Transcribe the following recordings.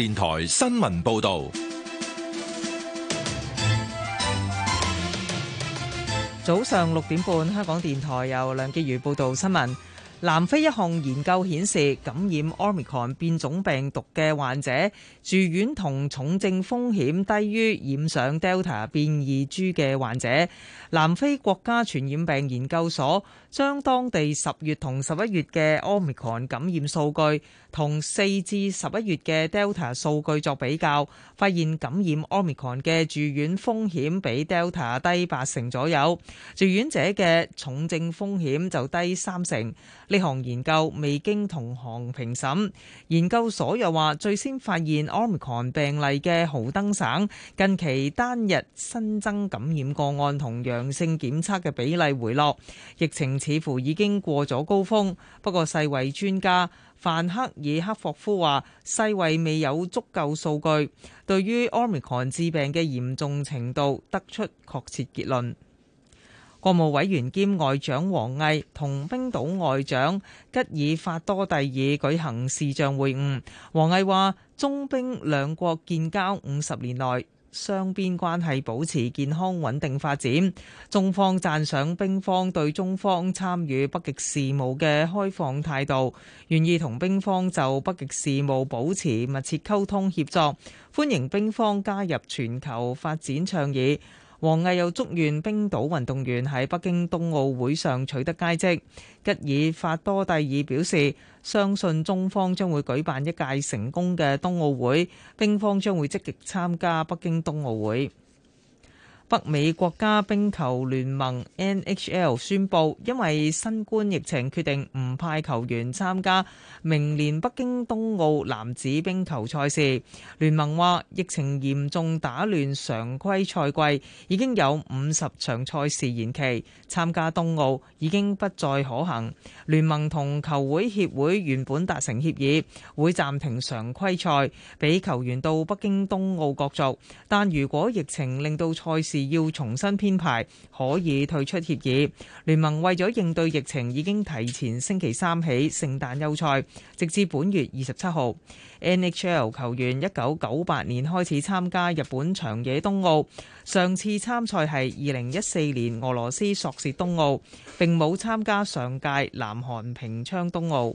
電台新聞報道，早上六點半，香港電台由梁潔如報道新聞。南非一項研究顯示，感染 Omicron 變種病毒嘅患者住院同重症風險低於染上 Delta 變異株嘅患者。南非國家傳染病研究所將當地十月同十一月嘅 Omicron 感染數據同四至十一月嘅 Delta 數據作比較，發現感染 Omicron 嘅住院風險比 Delta 低八成左右，住院者嘅重症風險就低三成。呢項研究未經同行評審，研究所又話最先發現 Omicron 病例嘅豪登省近期單日新增感染個案同陽性檢測嘅比例回落，疫情似乎已經過咗高峰。不過世衞專家范克爾克霍夫話世衞未有足夠數據，對於 Omicron 致病嘅嚴重程度得出確切結論。國務委員兼外長王毅同冰島外長吉爾法多蒂爾舉行視像會晤。王毅話：中冰兩國建交五十年內，雙邊關係保持健康穩定發展。中方讚賞冰方對中方參與北極事務嘅開放態度，願意同冰方就北極事務保持密切溝通協作，歡迎冰方加入全球發展倡議。王毅又祝願冰島運動員喺北京冬奧會上取得佳績。吉爾法多蒂爾表示，相信中方將會舉辦一屆成功嘅冬奧會，冰方將會積極參加北京冬奧會。北美國家冰球聯盟 (NHL) 宣布，因為新冠疫情決定唔派球員參加明年北京冬奧男子冰球賽事。聯盟話，疫情嚴重打亂常規賽季，已經有五十場賽事延期，參加冬奧已經不再可行。聯盟同球會協會原本達成協議，會暫停常規賽，畀球員到北京冬奧角逐，但如果疫情令到賽事，要重新編排，可以退出協議。聯盟為咗應對疫情，已經提前星期三起聖誕休賽，直至本月二十七號。NHL 球員一九九八年開始參加日本長野冬奧，上次參賽係二零一四年俄羅斯索契冬奧，並冇參加上屆南韓平昌冬奧。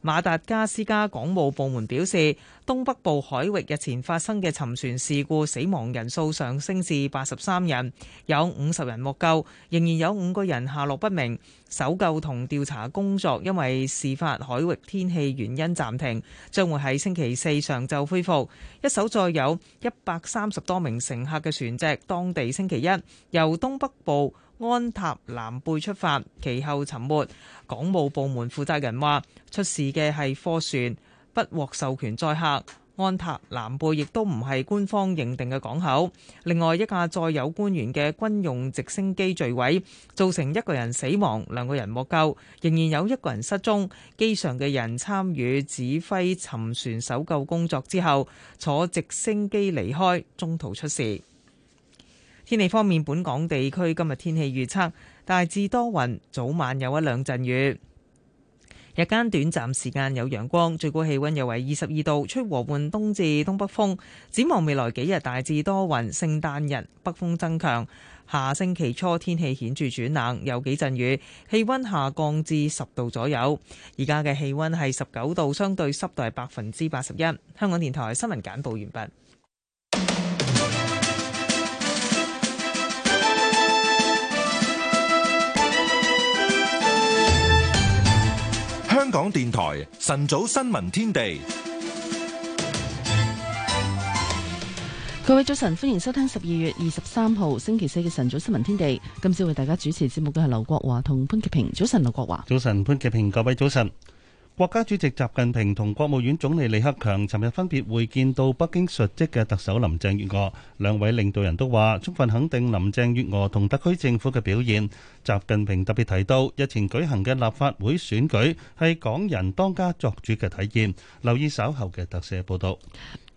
馬達加斯加港務部門表示，東北部海域日前發生嘅沉船事故，死亡人數上升至八十三人，有五十人獲救，仍然有五個人下落不明。搜救同調查工作因為事發海域天氣原因暫停，將會喺星期四上晝恢復。一艘載有一百三十多名乘客嘅船隻，當地星期一由東北部安塔南貝出發，其後沉沒。港務部門負責人話：出事嘅係貨船，不獲授權載客。安塔南貝亦都唔係官方認定嘅港口。另外一架載有官員嘅軍用直升機墜毀，造成一個人死亡，兩個人獲救，仍然有一個人失蹤。機上嘅人參與指揮沉船搜救工作之後，坐直升機離開，中途出事。天氣方面，本港地區今日天氣預測大致多雲，早晚有一兩陣雨，日間短暫時間有陽光，最高氣温約為二十二度，吹和緩東至東北風。展望未來幾日，大致多雲，聖誕日北風增強，下星期初天氣顯著轉冷，有幾陣雨，氣溫下降至十度左右。而家嘅氣溫係十九度，相對濕度係百分之八十一。香港電台新聞簡報完畢。香港電台晨早新聞天地，各位早晨，歡迎收聽十二月二十三號星期四嘅晨早新聞天地。今次為大家主持節目嘅係劉國華同潘潔平。早晨，劉國華。早晨，潘潔平。各位早晨。國家主席習近平同國務院總理李克強尋日分別會見到北京述職嘅特首林鄭月娥，兩位領導人都話充分肯定林鄭月娥同特區政府嘅表現。習近平特別提到，日前舉行嘅立法會選舉係港人當家作主嘅體現。留意稍後嘅特寫報道。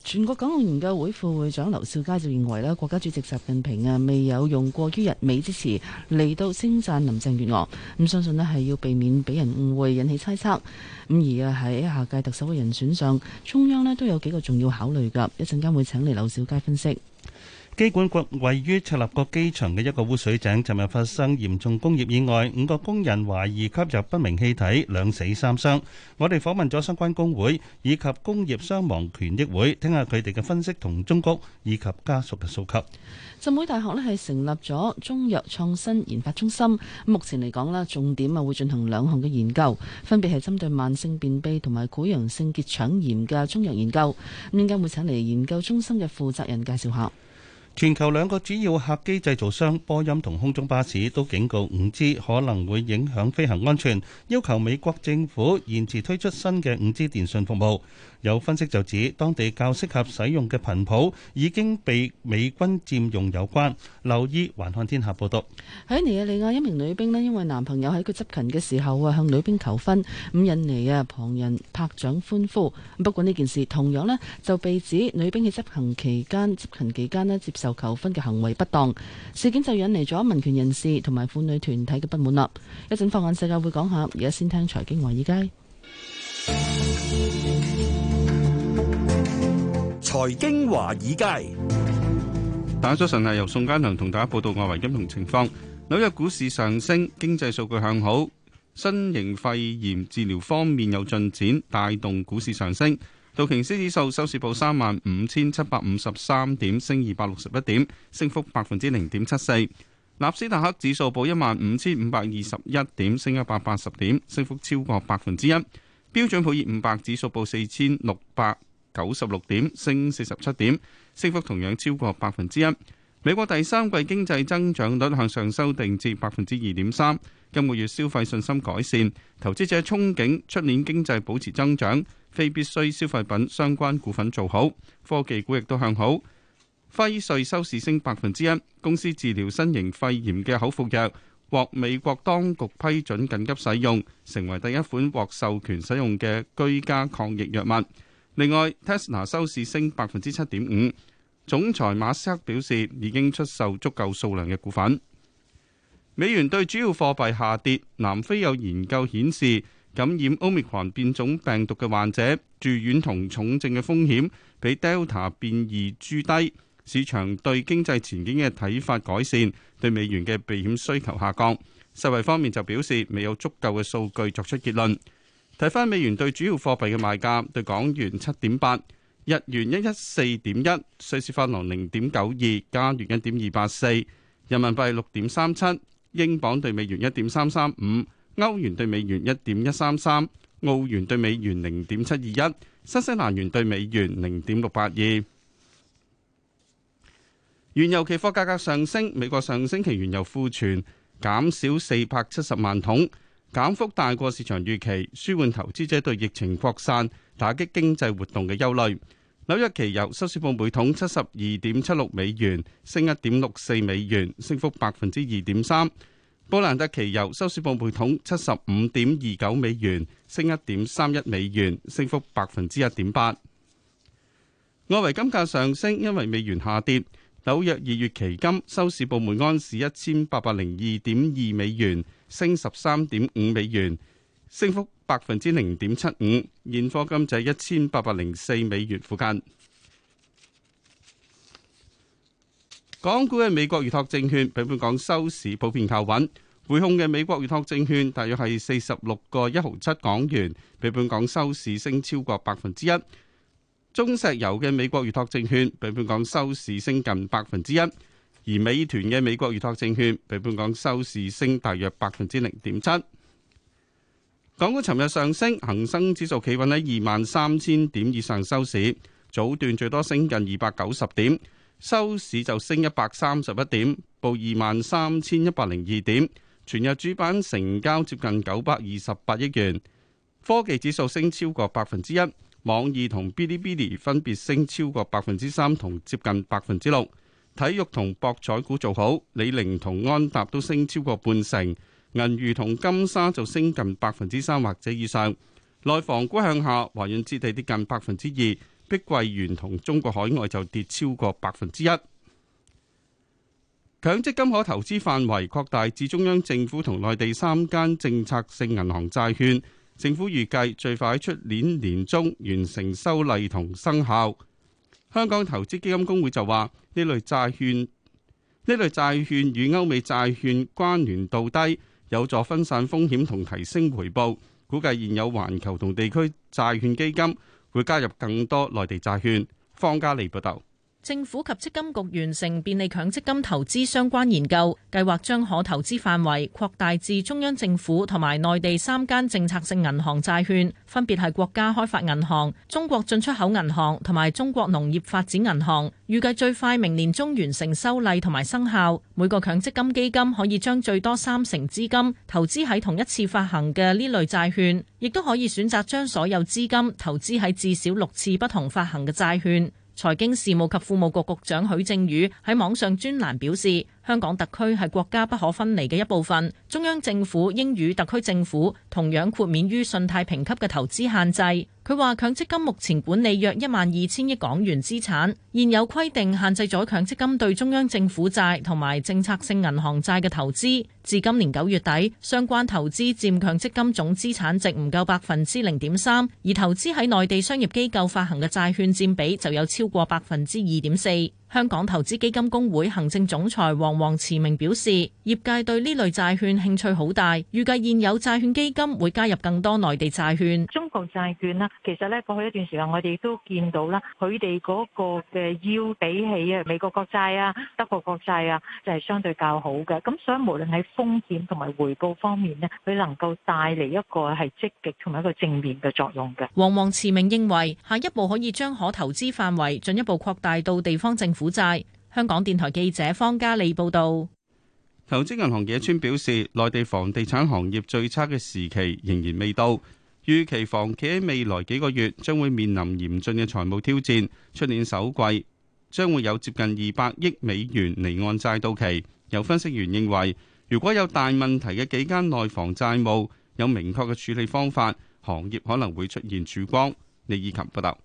全國港澳研究會副會長劉兆佳就認為咧，國家主席習近平啊未有用過譽、溢美之詞嚟到稱讚林鄭月娥，咁相信咧係要避免俾人誤會，引起猜測。咁而啊喺下屆特首嘅人選上，中央咧都有幾個重要考慮噶，一陣間會請嚟劉兆佳分析。機管局位於赤鱲角機場嘅一個污水井，尋日發生嚴重工業意外，五個工人懷疑吸入不明氣體，兩死三傷。我哋訪問咗相關工會以及工業傷亡權益會，聽下佢哋嘅分析同中谷以及家屬嘅訴求。浸會大學咧係成立咗中藥創新研發中心，目前嚟講啦，重點啊會進行兩項嘅研究，分別係針對慢性便秘同埋潰瘍性結腸炎嘅中藥研究。咁，依家會請嚟研究中心嘅負責人介紹下。全球兩個主要客機製造商，波音同空中巴士都警告五 G 可能會影響飛行安全，要求美國政府延遲推出新嘅五 G 電訊服務。有分析就指，當地較適合使用嘅頻譜已經被美軍佔用，有關留意環看天下報道。喺尼日利亞，一名女兵呢，因為男朋友喺佢執勤嘅時候啊，向女兵求婚，咁引嚟啊旁人拍掌歡呼。不過呢件事同樣呢就被指女兵喺執行期間執勤期間呢接受求婚嘅行為不當。事件就引嚟咗民權人士同埋婦女團體嘅不滿啦。一陣放眼世界會講下，而家先聽財經話耳機。 財經華爾街，打咗陣，係由宋家良同大家報道外圍金融情況。紐約股市上升，經濟數據向好，新型肺炎治療方面有進展，帶動股市上升。道瓊斯指數收市報三萬五千七百五十三點，升二百六十一點，升幅百分之零點七四。納斯達克指數報一萬五千五百二十一點，升一百八十點，升幅超過百分之一。標準普爾五百指數報四千六百。九十六點，升四十七點，升幅同樣超過百分之一。美國第三季經濟增長率向上修訂至百分之二點三。今個月消費信心改善，投資者憧憬出年經濟保持增長。非必需消費品相關股份做好，科技股亦都向好。輝瑞收市升百分之一，公司治療新型肺炎嘅口服藥獲美國當局批准緊急使用，成為第一款獲授權使用嘅居家抗疫藥物。另外，Tesla 收市升百分之七點五，總裁馬斯克表示已經出售足夠數量嘅股份。美元對主要貨幣下跌，南非有研究顯示感染 Omicron 變種病毒嘅患者住院同重症嘅風險比 Delta 變異株低。市場對經濟前景嘅睇法改善，對美元嘅避險需求下降。世衛方面就表示未有足夠嘅數據作出結論。睇翻美元對主要貨幣嘅賣價，對港元七點八，日元一一四點一，瑞士法郎零點九二，加元一點二八四，人民幣六點三七，英鎊對美元一點三三五，歐元對美元一點一三三，澳元對美元零點七二一，新西蘭元對美元零點六八二。原油期貨價格上升，美國上星期原油庫存減少四百七十萬桶。減幅大過市場預期，舒緩投資者對疫情擴散，打擊經濟活動嘅憂慮。紐約期油收市報每桶七十二點七六美元，升一點六四美元，升幅百分之二點三。布蘭特期油收市報每桶七十五點二九美元，升一點三一美元，升幅百分之一點八。外圍金價上升，因為美元下跌。紐約二月期金收市報每安士一千八百零二點二美元。升十三點五美元，升幅百分之零點七五，現貨金就一千八百零四美元附近。港股嘅美國預託證券比本港收市普遍靠穩，匯控嘅美國預託證券大約係四十六個一毫七港元，比本港收市升超過百分之一。中石油嘅美國預託證券比本港收市升近百分之一。而美團嘅美國預託證券比本港收市升大約百分之零點七。港股尋日上升，恒生指數企穩喺二萬三千點以上收市，早段最多升近二百九十點，收市就升一百三十一點，報二萬三千一百零二點。全日主板成交接近九百二十八億元，科技指數升超過百分之一，網易同 Bilibili 分別升超過百分之三同接近百分之六。體育同博彩股做好，李寧同安踏都升超過半成，銀娛同金沙就升近百分之三或者以上。內房股向下，華潤置地跌近百分之二，碧桂園同中國海外就跌超過百分之一。強積金可投資範圍擴大至中央政府同內地三間政策性銀行債券，政府預計最快喺出年年中完成修例同生效。香港投資基金公會就話呢類債券呢類債券與歐美債券關聯度低，有助分散風險同提升回報。估計現有環球同地區債券基金會加入更多內地債券。方家利報道。政府及積金局完成便利強積金投資相關研究，計劃將可投資範圍擴大至中央政府同埋內地三間政策性銀行債券，分別係國家開發銀行、中國進出口銀行同埋中國農業發展銀行。預計最快明年中完成修例同埋生效。每個強積金基金可以將最多三成資金投資喺同一次發行嘅呢類債券，亦都可以選擇將所有資金投資喺至少六次不同發行嘅債券。財經事務及庫務局局長許正宇喺網上專欄表示。香港特區係國家不可分離嘅一部分，中央政府應與特區政府同樣豁免於信貸評級嘅投資限制。佢話，強積金目前管理約一萬二千億港元資產，現有規定限制咗強積金對中央政府債同埋政策性銀行債嘅投資。至今年九月底，相關投資佔強積金總資產值唔夠百分之零點三，而投資喺內地商業機構發行嘅債券佔比就有超過百分之二點四。香港投資基金公會行政總裁黃王慈明表示，業界對呢類債券興趣好大，預計現有債券基金會加入更多內地債券、中國債券啦，其實咧過去一段時間，我哋都見到啦，佢哋嗰個嘅要比起美國國債，德國國債，就係相對較好嘅。咁所以，無論喺風險同埋回報方面咧，佢能夠帶嚟一個係積極同埋一個正面嘅作用嘅。黃王慈明認為，下一步可以將可投資範圍進一步擴大到地方政府股債。香港電台記者方嘉莉報道。投資銀行野村表示，內地房地產行業最差嘅時期仍然未到，預期房企喺未來幾個月將會面臨嚴峻嘅財務挑戰。出年首季將會有接近二百億美元離岸債到期。有分析員認為，如果有大問題嘅幾間內房債務有明確嘅處理方法，行業可能會出現曙光。李以琴報道。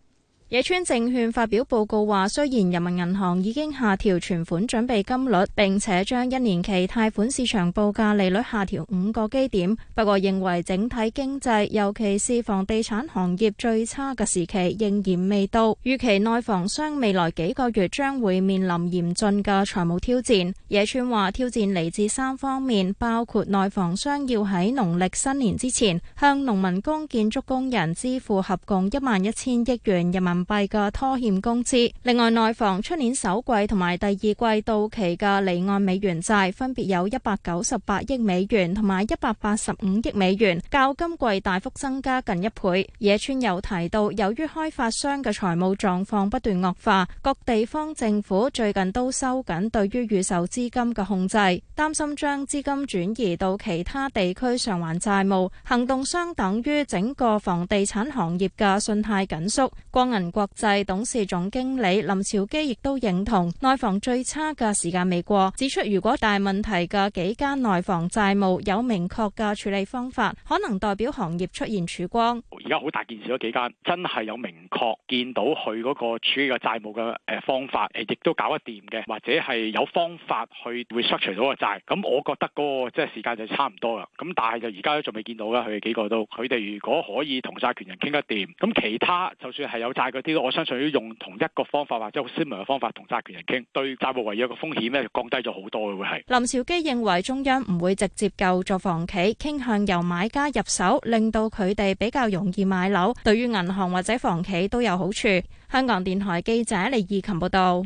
野村證券發表報告話，雖然人民銀行已經下調存款準備金率，並且將一年期貸款市場報價利率下調五個基點，不過認為整體經濟尤其是房地產行業最差嘅時期仍然未到，預期內房商未來幾個月將會面臨嚴峻嘅財務挑戰。野村話，挑戰嚟自三方面，包括內房商要喺農曆新年之前向農民工、建築工人支付合共一萬一千億元人民。幣嘅拖欠工資，另外內房出年首季同埋第二季到期嘅離岸美元債分別有一百九十八億美元同埋一百八十五億美元，較今季大幅增加近一倍。野村有提到，由於開發商嘅財務狀況不斷惡化，各地方政府最近都收緊對於預售資金嘅控制，擔心將資金轉移到其他地區償還債務，行動相等於整個房地產行業嘅信貸緊縮。光銀。國際董事總經理林兆基亦都認同內房最差嘅時間未過，指出如果大問題嘅幾間內房債務有明確嘅處理方法，可能代表行業出現曙光。而家好大件事，嗰幾間真係有明確見到佢嗰個處理嘅債務嘅誒方法，亦都搞得掂嘅，或者係有方法去會除到個債。咁我覺得嗰個即係時間就差唔多啦。咁但係就而家都仲未見到啦，佢哋幾個都，佢哋如果可以同債權人傾得掂，咁其他就算係有債。嗰啲，我相信要用同一個方法或者好 similar 嘅方法同債權人傾，對債務違約嘅風險咧降低咗好多嘅會係。林兆基認為中央唔會直接救助房企，傾向由買家入手，令到佢哋比較容易買樓，對於銀行或者房企都有好處。香港電台記者李義琴報道。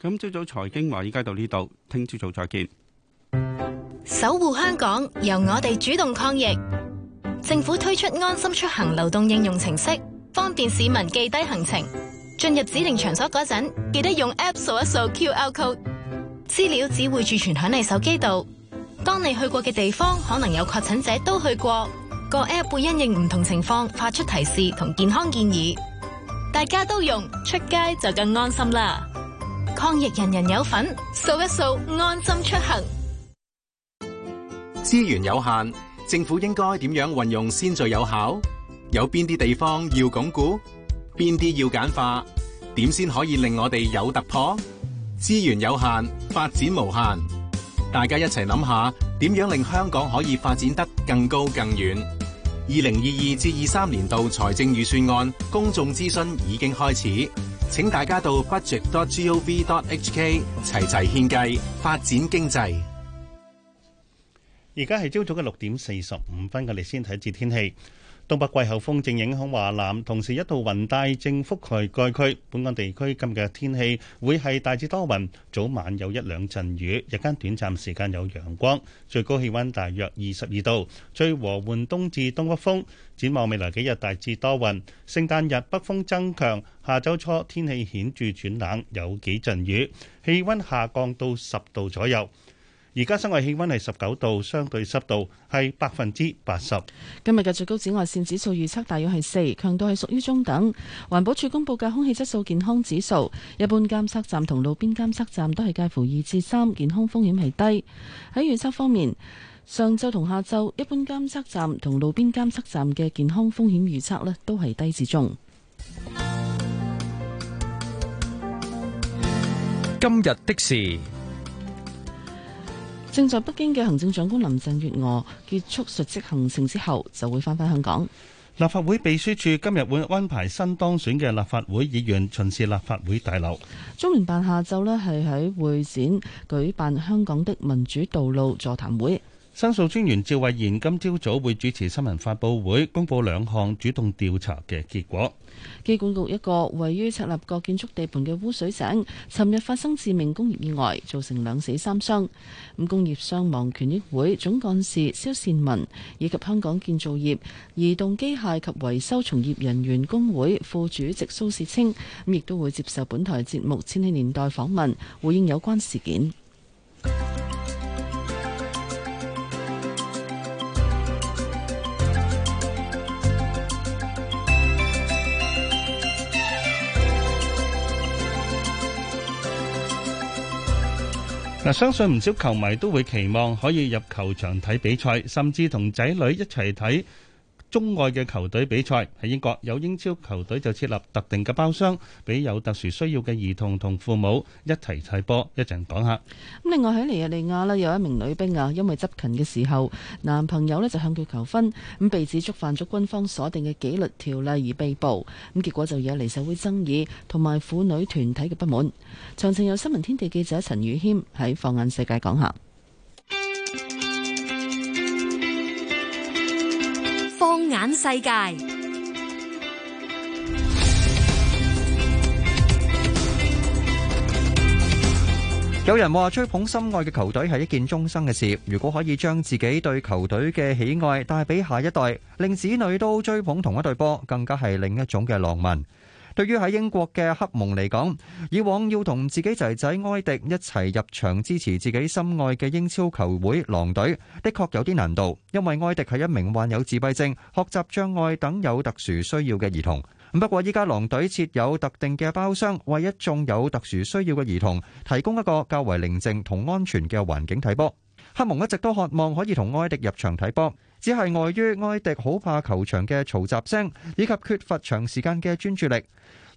咁朝早財經話依家到呢度，聽朝早再見。守護香港，由我哋主動抗疫。政府推出安心出行流動應用程式。方便市民記低行程，進入指定場所嗰陣，記得用 app 掃一掃 QR code，資料只會儲存響你手機度。當你去過嘅地方可能有確診者都去過，個 app 會因應唔同情況發出提示同健康建議。大家都用，出街就更安心啦！抗疫人人有份，掃一掃安心出行。資源有限，政府應該點樣運用先最有效？有邊啲地方要鞏固？邊啲要簡化？點先可以令我哋有突破？資源有限，發展無限，大家一齊諗下，點樣令香港可以發展得更高更遠？二零二二至二三年度財政預算案公眾諮詢已經開始，請大家到 budget.gov.hk 齊齊獻計，發展經濟。而家係朝早嘅六點四十五分，我哋先睇一節天氣。東北季候風正影響華南，同時一道雲帶正覆蓋該區。本港地區今日嘅天氣會係大致多雲，早晚有一兩陣雨，日間短暫時間有陽光，最高氣溫大約二十二度。吹和緩東至東北風。展望未來幾日大致多雲，聖誕日北風增強，下週初天氣顯著轉冷，有幾陣雨，氣溫下降到十度左右。而家室外氣溫係十九度，相對濕度係百分之八十。今日嘅最高紫外線指數預測大約係四，強度係屬於中等。環保署公布嘅空氣質素健康指數，一般監測站同路邊監測站都係介乎二至三，健康風險係低。喺預測方面，上晝同下晝，一般監測站同路邊監測站嘅健康風險預測呢都係低至中。今日的事。正在北京嘅行政長官林鄭月娥結束述職行程之後，就會翻返香港。立法會秘書處今日會安排新當選嘅立法會議員巡視立法會大樓。中聯辦下晝呢係喺會展舉辦香港的民主道路座談會。申訴專員趙慧賢今朝早會主持新聞發布會，公布兩項主動調查嘅結果。機管局一個位於赤鱲角建築地盤嘅污水井，尋日發生致命工業意外，造成兩死三傷。咁工業傷亡權益會總幹事蕭善文以及香港建造業移動機械及維修從業人員工會副主席蘇士清，咁亦都會接受本台節目《千禧年代》訪問，回應有關事件。相信唔少球迷都會期望可以入球場睇比賽，甚至同仔女一齊睇。中外嘅球隊比賽，喺英國有英超球隊就設立特定嘅包廂，俾有特殊需要嘅兒童同父母一齊睇波，一陣講下。另外喺尼日利亞咧，有一名女兵啊，因為執勤嘅時候男朋友呢就向佢求婚，咁被指觸犯咗軍方鎖定嘅紀律條例而被捕，咁結果就惹嚟社會爭議同埋婦女團體嘅不滿。詳情有新聞天地記者陳宇謙喺放眼世界講下。放眼世界，有人話追捧心愛嘅球隊係一件終生嘅事。如果可以將自己對球隊嘅喜愛帶俾下一代，令子女都追捧同一隊波，更加係另一種嘅浪漫。對於喺英國嘅黑蒙嚟講，以往要同自己仔仔埃迪一齊入場支持自己心愛嘅英超球會狼隊，的確有啲難度，因為埃迪係一名患有自閉症、學習障礙等有特殊需要嘅兒童。不過依家狼隊設有特定嘅包廂，為一眾有特殊需要嘅兒童提供一個較為寧靜同安全嘅環境睇波。黑蒙一直都渴望可以同埃迪入場睇波，只係礙於埃迪好怕球場嘅嘈雜聲以及缺乏長時間嘅專注力。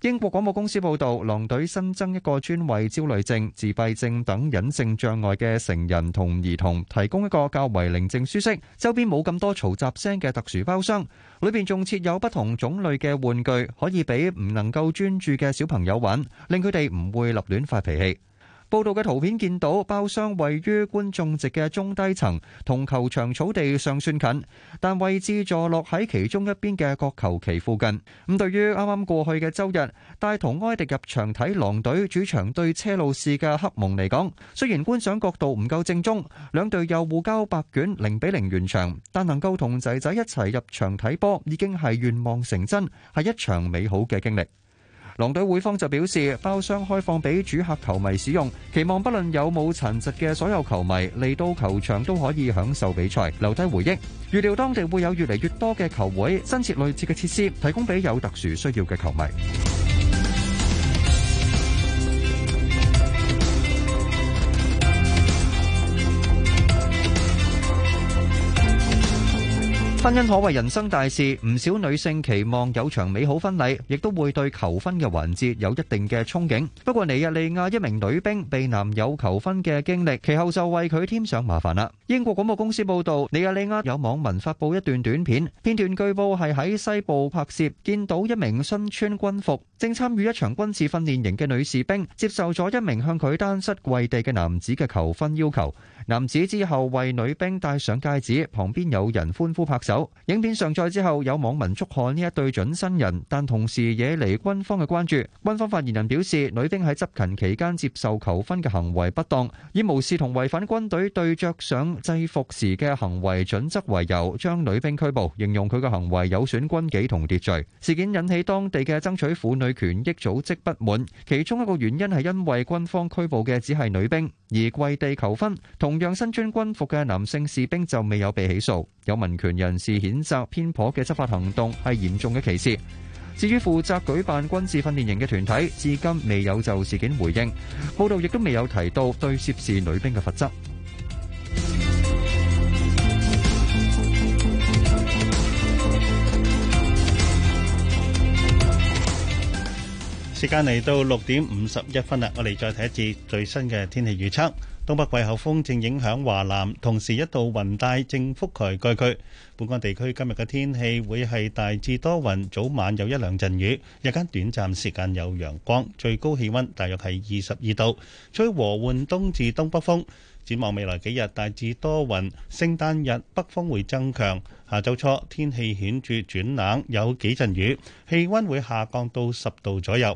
英國廣播公司報道，狼隊新增一個專為焦慮症、自閉症等隱性障礙嘅成人同兒童提供一個較為寧靜、舒適、周邊冇咁多嘈雜聲嘅特殊包廂，裏邊仲設有不同種類嘅玩具，可以俾唔能夠專注嘅小朋友玩，令佢哋唔會立亂發脾氣。報道嘅圖片見到包廂位於觀眾席嘅中低層，同球場草地尚算近，但位置坐落喺其中一邊嘅角球旗附近。咁對於啱啱過去嘅周日帶同埃迪入場睇狼隊主場對車路士嘅黑蒙嚟講，雖然觀賞角度唔夠正宗，兩隊又互交白卷，零比零完場，但能夠同仔仔一齊入場睇波已經係願望成真，係一場美好嘅經歷。狼隊會方就表示，包廂開放俾主客球迷使用，期望不論有冇殘疾嘅所有球迷嚟到球場都可以享受比賽，留低回憶。預料當地會有越嚟越多嘅球會新設類似嘅設施，提供俾有特殊需要嘅球迷。婚姻可謂人生大事，唔少女性期望有場美好婚禮，亦都會對求婚嘅環節有一定嘅憧憬。不過尼日利亞一名女兵被男友求婚嘅經歷，其後就為佢添上麻煩啦。英國廣播公司報導，尼日利亞有網民發布一段短片，片段據報係喺西部拍攝，見到一名身穿軍服正參與一場軍事訓練營嘅女士兵，接受咗一名向佢單膝跪地嘅男子嘅求婚要求。男子之後為女兵戴上戒指，旁邊有人歡呼拍手。影片上載之後，有網民祝賀呢一對準新人，但同時惹嚟軍方嘅關注。軍方發言人表示，女兵喺執勤期間接受求婚嘅行為不當，以無視同違反軍隊對着上制服時嘅行為準則為由，將女兵拘捕，形容佢嘅行為有損軍紀同秩序。事件引起當地嘅爭取婦女權益組織不滿，其中一個原因係因為軍方拘捕嘅只係女兵，而跪地求婚同樣身穿軍服嘅男性士兵就未有被起訴。有民權人士。譴責偏頗嘅執法行動係嚴重嘅歧視。至於負責舉辦軍事訓練營嘅團體至今未有就事件回應，報道亦都未有提到對涉事女兵嘅罰則。時間嚟到六點五十一分喇，我哋再睇一次最新嘅天氣預測。東北季候風正影響華南，同時一道雲帶正覆蓋該區。本港地區今日嘅天氣會係大致多雲，早晚有一兩陣雨，日間短暫時間有陽光，最高氣温大約係二十二度，吹和緩東至東北風。展望未來幾日大致多雲，聖誕日北風會增強。下週初天氣顯著轉冷，有幾陣雨，氣温會下降到十度左右。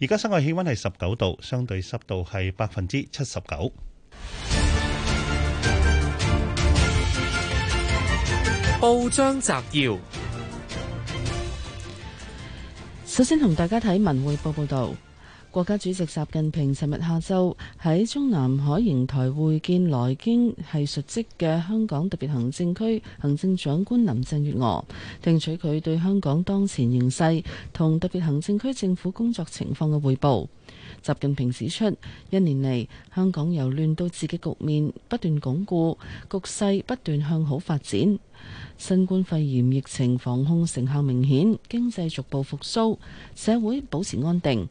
而家室外氣温係十九度，相對濕度係百分之七十九。報章摘要：首先同大家睇《文匯報》報道，國家主席習近平尋日下晝喺中南海瀛台會見來京係述職嘅香港特別行政區行政長官林鄭月娥，聽取佢對香港當前形勢同特別行政區政府工作情況嘅匯報。習近平指出，一年嚟，香港由亂到治嘅局面不斷鞏固，局勢不斷向好發展。新冠肺炎疫情防控成效明顯，經濟逐步復蘇，社會保持安定。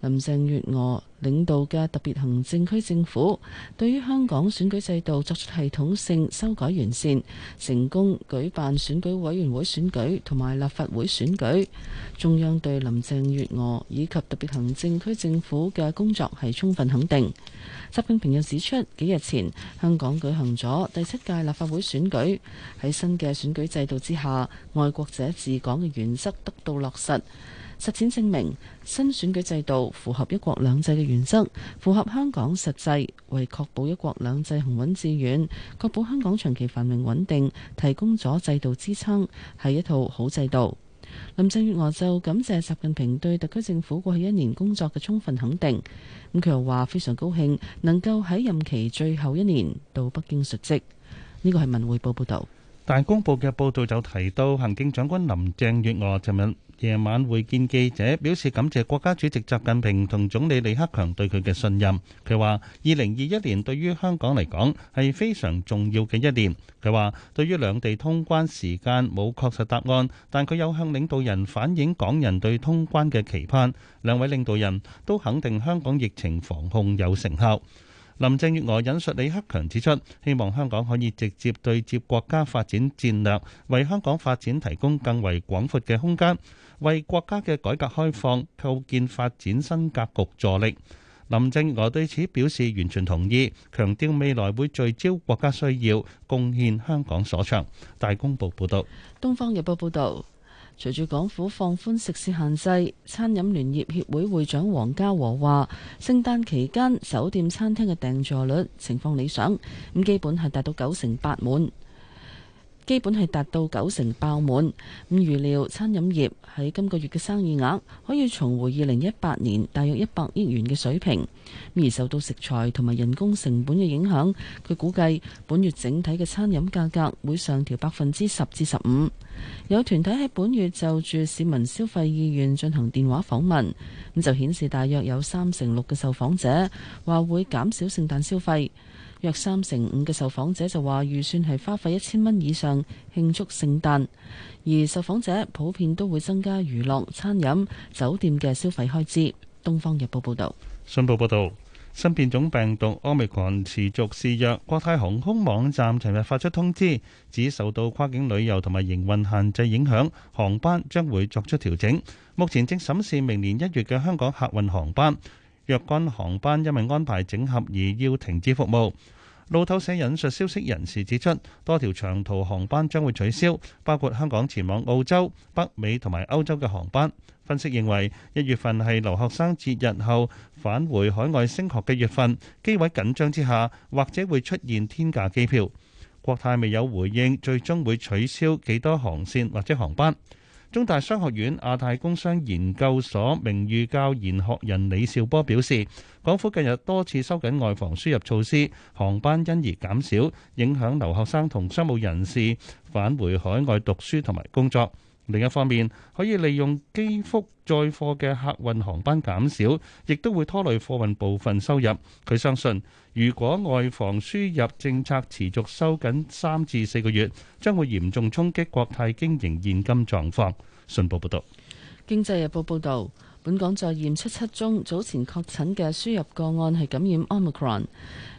林鄭月娥領導嘅特別行政區政府對於香港選舉制度作出系統性修改完善，成功舉辦選舉委員會選舉同埋立法會選舉。中央對林鄭月娥以及特別行政區政府嘅工作係充分肯定。習近平又指出，幾日前香港舉行咗第七屆立法會選舉，喺新嘅選舉制度之下，愛國者治港嘅原則得到落實。實踐證明，新選舉制度符合一國兩制嘅原則，符合香港實際，為確保一國兩制行穩致遠、確保香港長期繁榮穩定提供咗制度支撐，係一套好制度。林鄭月娥就感謝習近平對特區政府過去一年工作嘅充分肯定。咁佢又話：非常高興能夠喺任期最後一年到北京述職。呢、這個係文匯報報導。但大公報嘅報道就提到，行政長官林鄭月娥尋日夜晚會見記者，表示感謝國家主席習近平同總理李克強對佢嘅信任。佢話：二零二一年對於香港嚟講係非常重要嘅一年。佢話：對於兩地通關時間冇確實答案，但佢有向領導人反映港人對通關嘅期盼。兩位領導人都肯定香港疫情防控有成效。林鄭月娥引述李克強指出，希望香港可以直接對接國家發展戰略，為香港發展提供更為廣闊嘅空間，為國家嘅改革開放構建發展新格局助力。林鄭月娥對此表示完全同意，強調未來會聚焦國家需要，貢獻香港所長。大公報報道，東方日報報道。隨住港府放寬食肆限制，餐飲聯業協會會長黃家和話，聖誕期間酒店餐廳嘅訂座率情況理想，咁基本係達到九成八滿。基本係達到九成爆滿。咁預料餐飲業喺今個月嘅生意額可以重回二零一八年大約一百億元嘅水平。而受到食材同埋人工成本嘅影響，佢估計本月整體嘅餐飲價格會上調百分之十至十五。有團體喺本月就住市民消費意願進行電話訪問，咁就顯示大約有三成六嘅受訪者話會減少聖誕消費。約三成五嘅受訪者就話預算係花費一千蚊以上慶祝聖誕，而受訪者普遍都會增加娛樂、餐飲、酒店嘅消費開支。《東方日報》報道。《信報》報導，新變種病毒奧密克戎持續肆虐，國泰航空網站尋日發出通知，指受到跨境旅遊同埋營運限制影響，航班將會作出調整。目前正審視明年一月嘅香港客運航班。若干航班因為安排整合而要停止服務。路透社引述消息人士指出，多條長途航班將會取消，包括香港前往澳洲、北美同埋歐洲嘅航班。分析認為，一月份係留學生節日後返回海外升學嘅月份，機位緊張之下，或者會出現天價機票。國泰未有回應，最終會取消幾多航線或者航班。中大商學院亞太工商研究所名譽教研學人李兆波表示，港府近日多次收緊外防輸入措施，航班因而減少，影響留學生同商務人士返回海外讀書同埋工作。另一方面，可以利用機腹載貨嘅客運航班減少，亦都會拖累貨運部分收入。佢相信，如果外防輸入政策持續收緊三至四個月，將會嚴重衝擊國泰經營現金狀況。信報報道，《經濟日報》報道，本港再驗出七宗早前確診嘅輸入個案係感染 Omicron，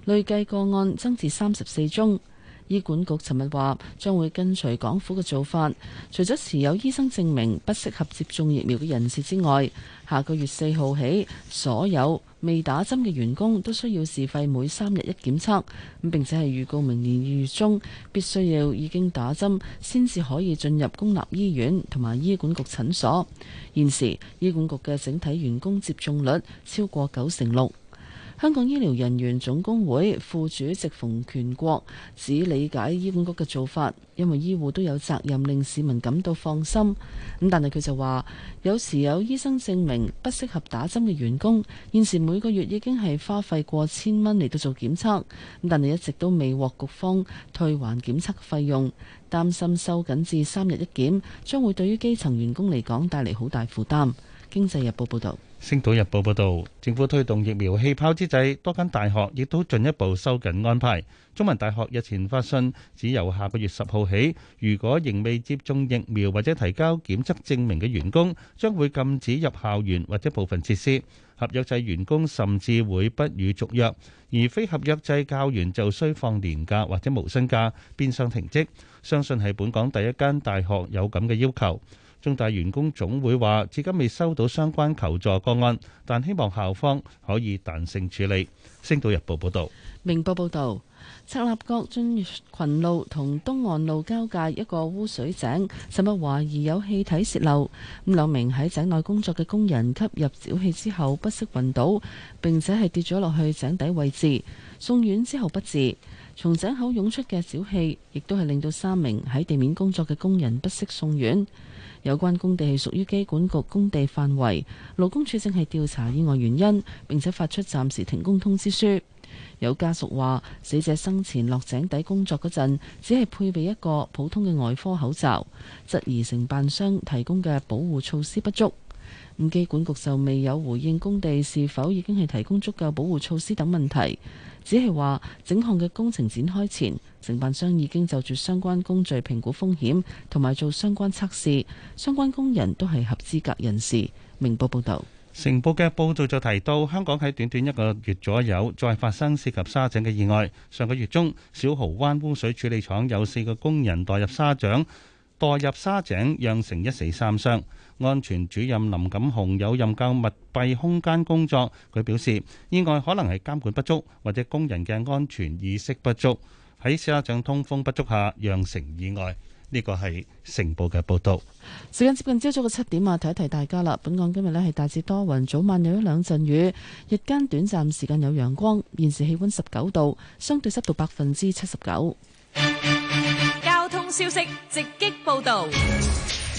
累計個案增至三十四宗。醫管局尋日話，將會跟隨港府嘅做法，除咗持有醫生證明不適合接種疫苗嘅人士之外，下個月四號起，所有未打針嘅員工都需要自費每三日一檢測，咁並且係預告明年二月中必須要已經打針先至可以進入公立醫院同埋醫管局診所。現時醫管局嘅整體員工接種率超過九成六。香港醫療人員總工會副主席馮權國指理解醫管局嘅做法，因為醫護都有責任令市民感到放心。咁但係佢就話，有時有醫生證明不適合打針嘅員工，現時每個月已經係花費過千蚊嚟到做檢測。但係一直都未獲局方退還檢測費用，擔心收緊至三日一檢將會對於基層員工嚟講帶嚟好大負擔。經濟日報報導。星島日報報道,政府推動疫苗氣泡之際,多間大學也都進一步收緊安排。中文大學日前發信,只由下個月十號起,如果仍未接種疫苗或者提交檢測證明的員工,將會禁止入校園或者部分設施。合約制員工甚至會不予續約,而非合約制教員就需要放年假或者無中大員工總會話：至今未收到相關求助個案，但希望校方可以彈性處理。星島日報報導，明報報導，赤鱲角駿群路同東岸路交界一個污水井，近日懷疑有氣體洩漏。咁兩名喺井內工作嘅工人吸入沼氣之後，不適暈倒，並且係跌咗落去井底位置，送院之後不治。從井口湧出嘅沼氣，亦都係令到三名喺地面工作嘅工人不適送院。有關工地係屬於機管局工地範圍，勞工處正係調查意外原因，並且發出暫時停工通知書。有家屬話，死者生前落井底工作嗰陣，只係配備一個普通嘅外科口罩，質疑承辦商提供嘅保護措施不足。唔，機管局就未有回應工地是否已經係提供足夠保護措施等問題，只係話整項嘅工程展開前，承辦商已經就住相關工序評估風險同埋做相關測試，相關工人都係合資格人士。明報報道，成報嘅報道就提到，香港喺短短一個月左右再發生涉及沙井嘅意外。上個月中，小蠔灣污水處理廠有四個工人墮入沙井，墮入沙井釀成一死三傷。安全主任林錦雄有任教密閉空間工作，佢表示意外可能係監管不足或者工人嘅安全意識不足，喺沙井通風不足下釀成意外。呢個係成報嘅報道。時間接近朝早嘅七點啊，提一提大家啦。本港今日咧係大致多雲，早晚有一兩陣雨，日間短暫時間有陽光。現時氣溫十九度，相對濕度百分之七十九。交通消息直擊報道。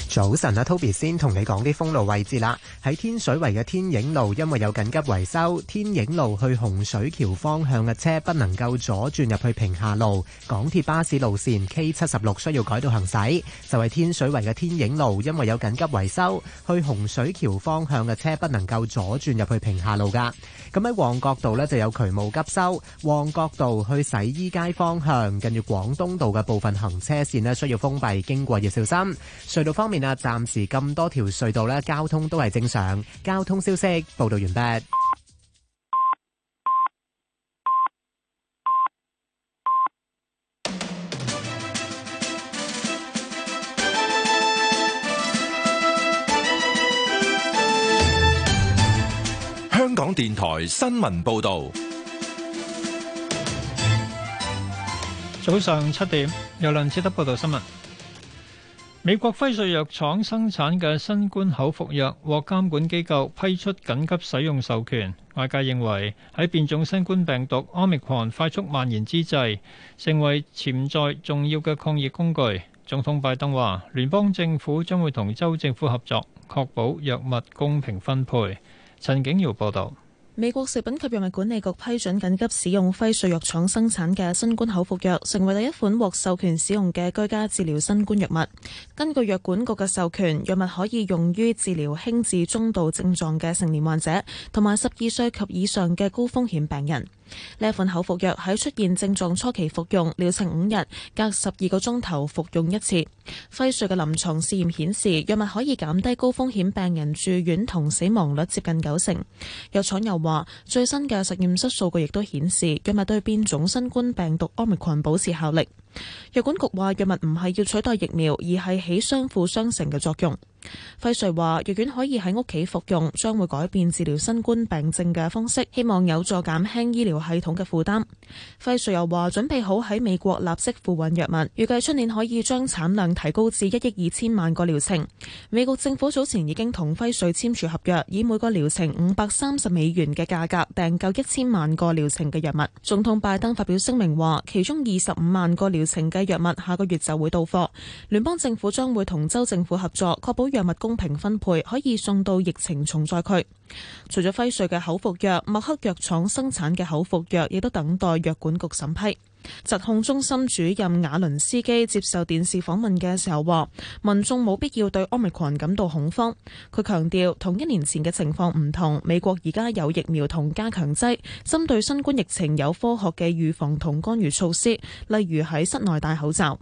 早晨啊，Toby 先同你講啲封路位置啦。喺天水圍嘅天影路，因為有緊急維修，天影路去洪水橋方向嘅車不能夠左轉入去屏廈路。港鐵巴士路線 K 七十六，需要改道行駛，就係、是、天水圍嘅天影路，因為有緊急維修，去洪水橋方向嘅車不能夠左轉入去屏廈路噶。咁喺旺角道咧，就有渠務急修。旺角道去洗衣街方向近住廣東道嘅部分行車線呢，需要封閉，經過要小心。隧道方面啊，暫時咁多條隧道咧，交通都係正常。交通消息報道完畢。香港電台新聞報道，早上七點，由梁志德報道新聞。美國輝瑞藥廠生產嘅新冠口服藥獲監管機構批出緊急使用授權，外界認為喺變種新冠病毒 o 密 i 快速蔓延之際，成為潛在重要嘅抗疫工具。總統拜登話，聯邦政府將會同州政府合作，確保藥物公平分配。陳景堯報道，美國食品及藥物管理局批准緊急使用輝瑞藥廠生產嘅新冠口服藥，成為第一款獲授權使用嘅居家治療新冠藥物。根據藥管局嘅授權，藥物可以用於治療輕至中度症狀嘅成年患者，同埋十二歲及以上嘅高風險病人。呢一款口服藥喺出現症狀初期服用，療程五日，隔十二個鐘頭服用一次。輝瑞嘅臨床試驗顯示，藥物可以減低高風險病人住院同死亡率接近九成。藥廠又話，最新嘅實驗室數據亦都顯示，藥物對變種新冠病毒安 m i 保持效力。藥管局話，藥物唔係要取代疫苗，而係起相輔相成嘅作用。輝瑞話：藥丸可以喺屋企服用，將會改變治療新冠病症嘅方式，希望有助減輕醫療系統嘅負擔。輝瑞又話：準備好喺美國立即付運藥物，預計出年可以將產量提高至一億二千萬個療程。美國政府早前已經同輝瑞簽署合約，以每個療程五百三十美元嘅價格訂購一千萬個療程嘅藥物。總統拜登發表聲明話：其中二十五萬個療程嘅藥物下個月就會到貨。聯邦政府將會同州政府合作，確保藥。藥物公平分配，可以送到疫情重災區。除咗輝瑞嘅口服藥，默克藥廠生產嘅口服藥亦都等待藥管局審批。疾控中心主任瓦倫斯基接受電視訪問嘅時候話：民眾冇必要對 Omicron 感到恐慌。佢強調同一年前嘅情況唔同，美國而家有疫苗同加強劑，針對新冠疫情有科學嘅預防同干預措施，例如喺室內戴口罩。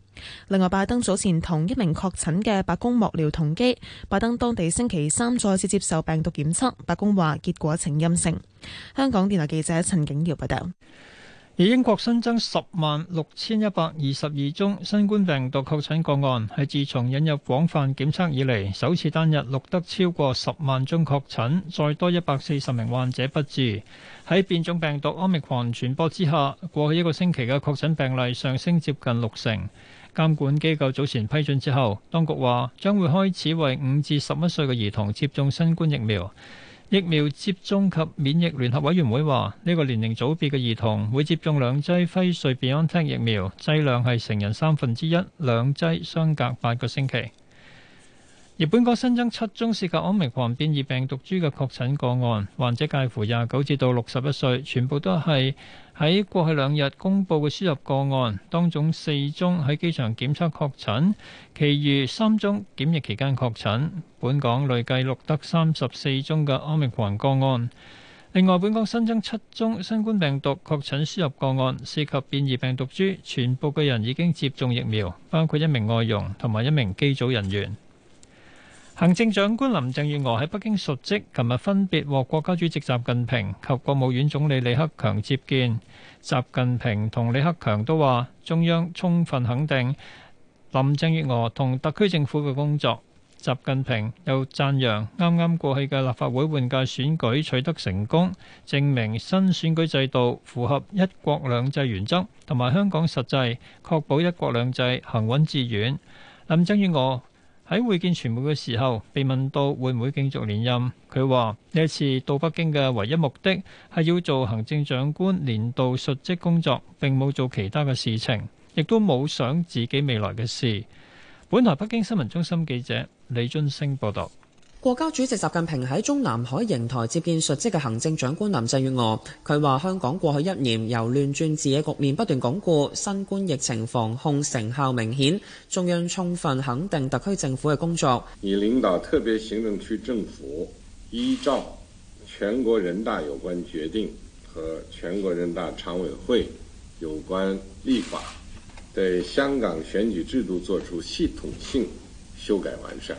另外，拜登早前同一名確診嘅白宮幕僚同機，拜登當地星期三再次接受病毒檢測，白宮話結果呈陰性。香港電台記者陳景耀報道。而英國新增十萬六千一百二十二宗新冠病毒確診個案，係自從引入廣泛檢測以嚟首次單日錄得超過十萬宗確診，再多一百四十名患者不治。喺變種病毒奧密克戎傳播之下，過去一個星期嘅確診病例上升接近六成。監管機構早前批准之後，當局話將會開始為五至十一歲嘅兒童接種新冠疫苗。疫苗接種及免疫聯合委員會話：呢、這個年齡組別嘅兒童會接種兩劑輝瑞 BioNTech 疫苗，劑量係成人三分之一，兩劑相隔八個星期。而本港新增七宗涉及奧密克戎變異病毒株嘅確診個案，患者介乎廿九至到六十一歲，全部都係喺過去兩日公佈嘅輸入個案，當中四宗喺機場檢測確診，其餘三宗檢疫期間確診。本港累計錄得三十四宗嘅 Omicron 個案。另外，本港新增七宗新冠病毒確診輸入個案，涉及變異病毒株，全部嘅人已經接種疫苗，包括一名外佣同埋一名機組人員。行政長官林鄭月娥喺北京述職，琴日分別獲國家主席習近平及國務院總理李克強接見。習近平同李克強都話，中央充分肯定林鄭月娥同特區政府嘅工作。習近平又讚揚啱啱過去嘅立法會換屆選舉取得成功，證明新選舉制度符合一國兩制原則同埋香港實際，確保一國兩制行穩致遠。林鄭月娥。喺會見傳媒嘅時候，被問到會唔會競逐連任，佢話呢一次到北京嘅唯一目的係要做行政長官年度述職工作，並冇做其他嘅事情，亦都冇想自己未來嘅事。本台北京新聞中心記者李津升報道。國家主席習近平喺中南海瀛台接見述職嘅行政長官林鄭月娥，佢話香港過去一年由亂轉治嘅局面不斷鞏固，新冠疫情防控成效明顯，中央充分肯定特區政府嘅工作。你領導特別行政區政府依照全國人大有關決定和全國人大常委會有關立法，對香港選舉制度作出系統性修改完善。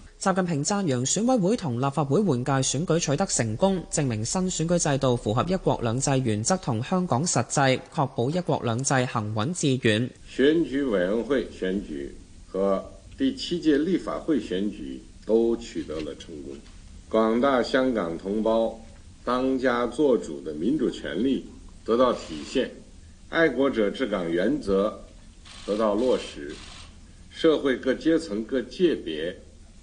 習近平讚揚選委會同立法會換屆選舉取得成功，證明新選舉制度符合一國兩制原則同香港實際，確保一國兩制行穩致遠。選舉委員會選舉和第七屆立法會選舉都取得了成功，廣大香港同胞當家作主的民主權利得到體現，愛國者治港原則得到落實，社會各階層各界別，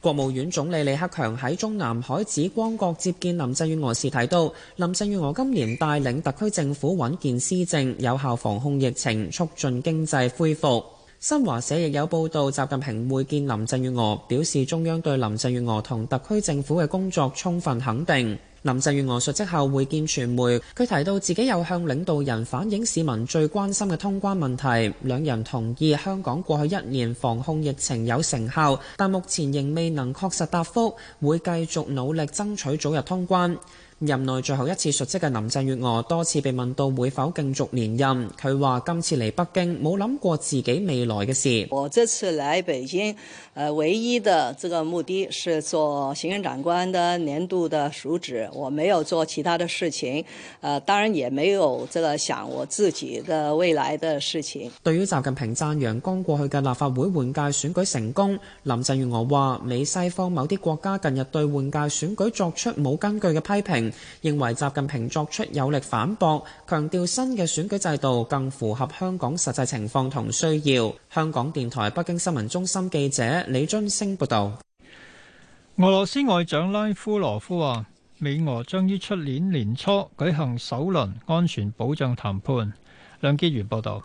國務院總理李克強喺中南海紫光閣接見林鄭月娥時提到，林鄭月娥今年帶領特區政府穩健施政，有效防控疫情，促進經濟恢復。新華社亦有報道，習近平會見林鄭月娥，表示中央對林鄭月娥同特區政府嘅工作充分肯定。林鄭月娥述職後會見傳媒，佢提到自己有向領導人反映市民最關心嘅通關問題。兩人同意香港過去一年防控疫情有成效，但目前仍未能確實答覆，會繼續努力爭取早日通關。任內最後一次述職嘅林鄭月娥多次被問到會否競逐連任，佢話今次嚟北京冇諗過自己未來嘅事。我這次嚟北京，誒、呃，唯一的這個目的是做行政長官的年度的述職，我沒有做其他的事情，誒、呃，當然也沒有這個想我自己的未來的事情。對於習近平讚揚剛過去嘅立法會換屆選舉成功，林鄭月娥話美西方某啲國家近日對換屆選舉作出冇根據嘅批評。認為習近平作出有力反駁，強調新嘅選舉制度更符合香港實際情況同需要。香港電台北京新聞中心記者李津星報道。俄羅斯外長拉夫羅夫話：美俄將於出年年初舉行首輪安全保障談判。梁建源報道。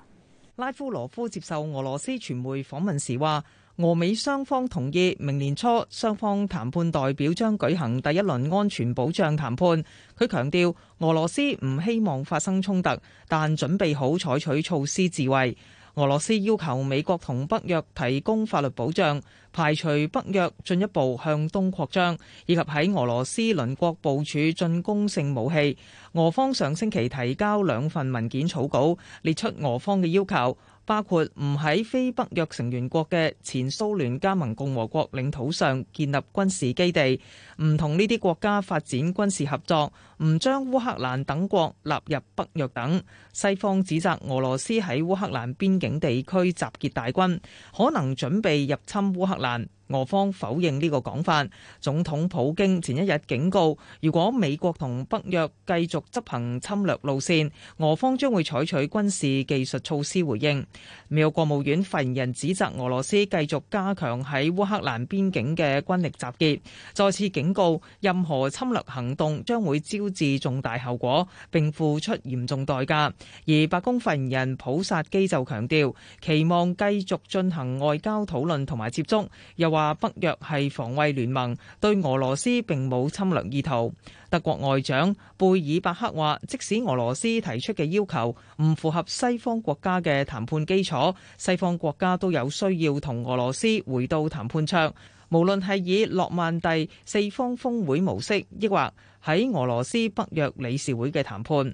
拉夫羅夫接受俄羅斯傳媒訪問時話。俄美雙方同意明年初雙方談判代表將舉行第一輪安全保障談判。佢強調，俄羅斯唔希望發生衝突，但準備好採取措施自衛。俄羅斯要求美國同北約提供法律保障，排除北約進一步向東擴張，以及喺俄羅斯鄰國部署進攻性武器。俄方上星期提交兩份文件草稿，列出俄方嘅要求。包括唔喺非北約成員國嘅前蘇聯加盟共和國領土上建立軍事基地。唔同呢啲國家發展軍事合作，唔將烏克蘭等國納入北約等。西方指責俄羅斯喺烏克蘭邊境地區集結大軍，可能準備入侵烏克蘭。俄方否認呢個講法。總統普京前一日警告，如果美國同北約繼續執行侵略路線，俄方將會採取軍事技術措施回應。美國務院發言人指責俄羅斯繼續加強喺烏克蘭邊境嘅軍力集結，再次警告任何侵略行動將會招致重大後果，並付出嚴重代價。而白宮發言人普薩基就強調期望繼續進行外交討論同埋接觸，又話北約係防衛聯盟，對俄羅斯並冇侵略意圖。德國外長貝爾伯克話即使俄羅斯提出嘅要求唔符合西方國家嘅談判基礎，西方國家都有需要同俄羅斯回到談判桌。無論係以諾曼第四方峯會模式，抑或喺俄羅斯北約理事會嘅談判，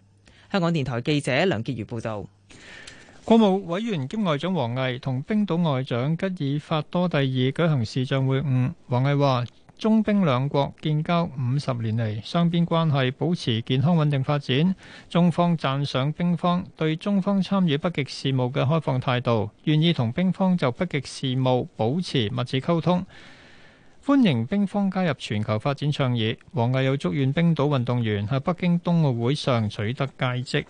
香港電台記者梁潔如報導。國務委員兼外長王毅同冰島外長吉爾法多蒂爾舉行視像會晤。王毅話：中冰兩國建交五十年嚟，雙邊關係保持健康穩定發展。中方讚賞冰方對中方參與北極事務嘅開放態度，願意同冰方就北極事務保持密切溝通。歡迎冰方加入全球發展倡議。王毅又祝願冰島運動員喺北京冬奧會上取得佳績。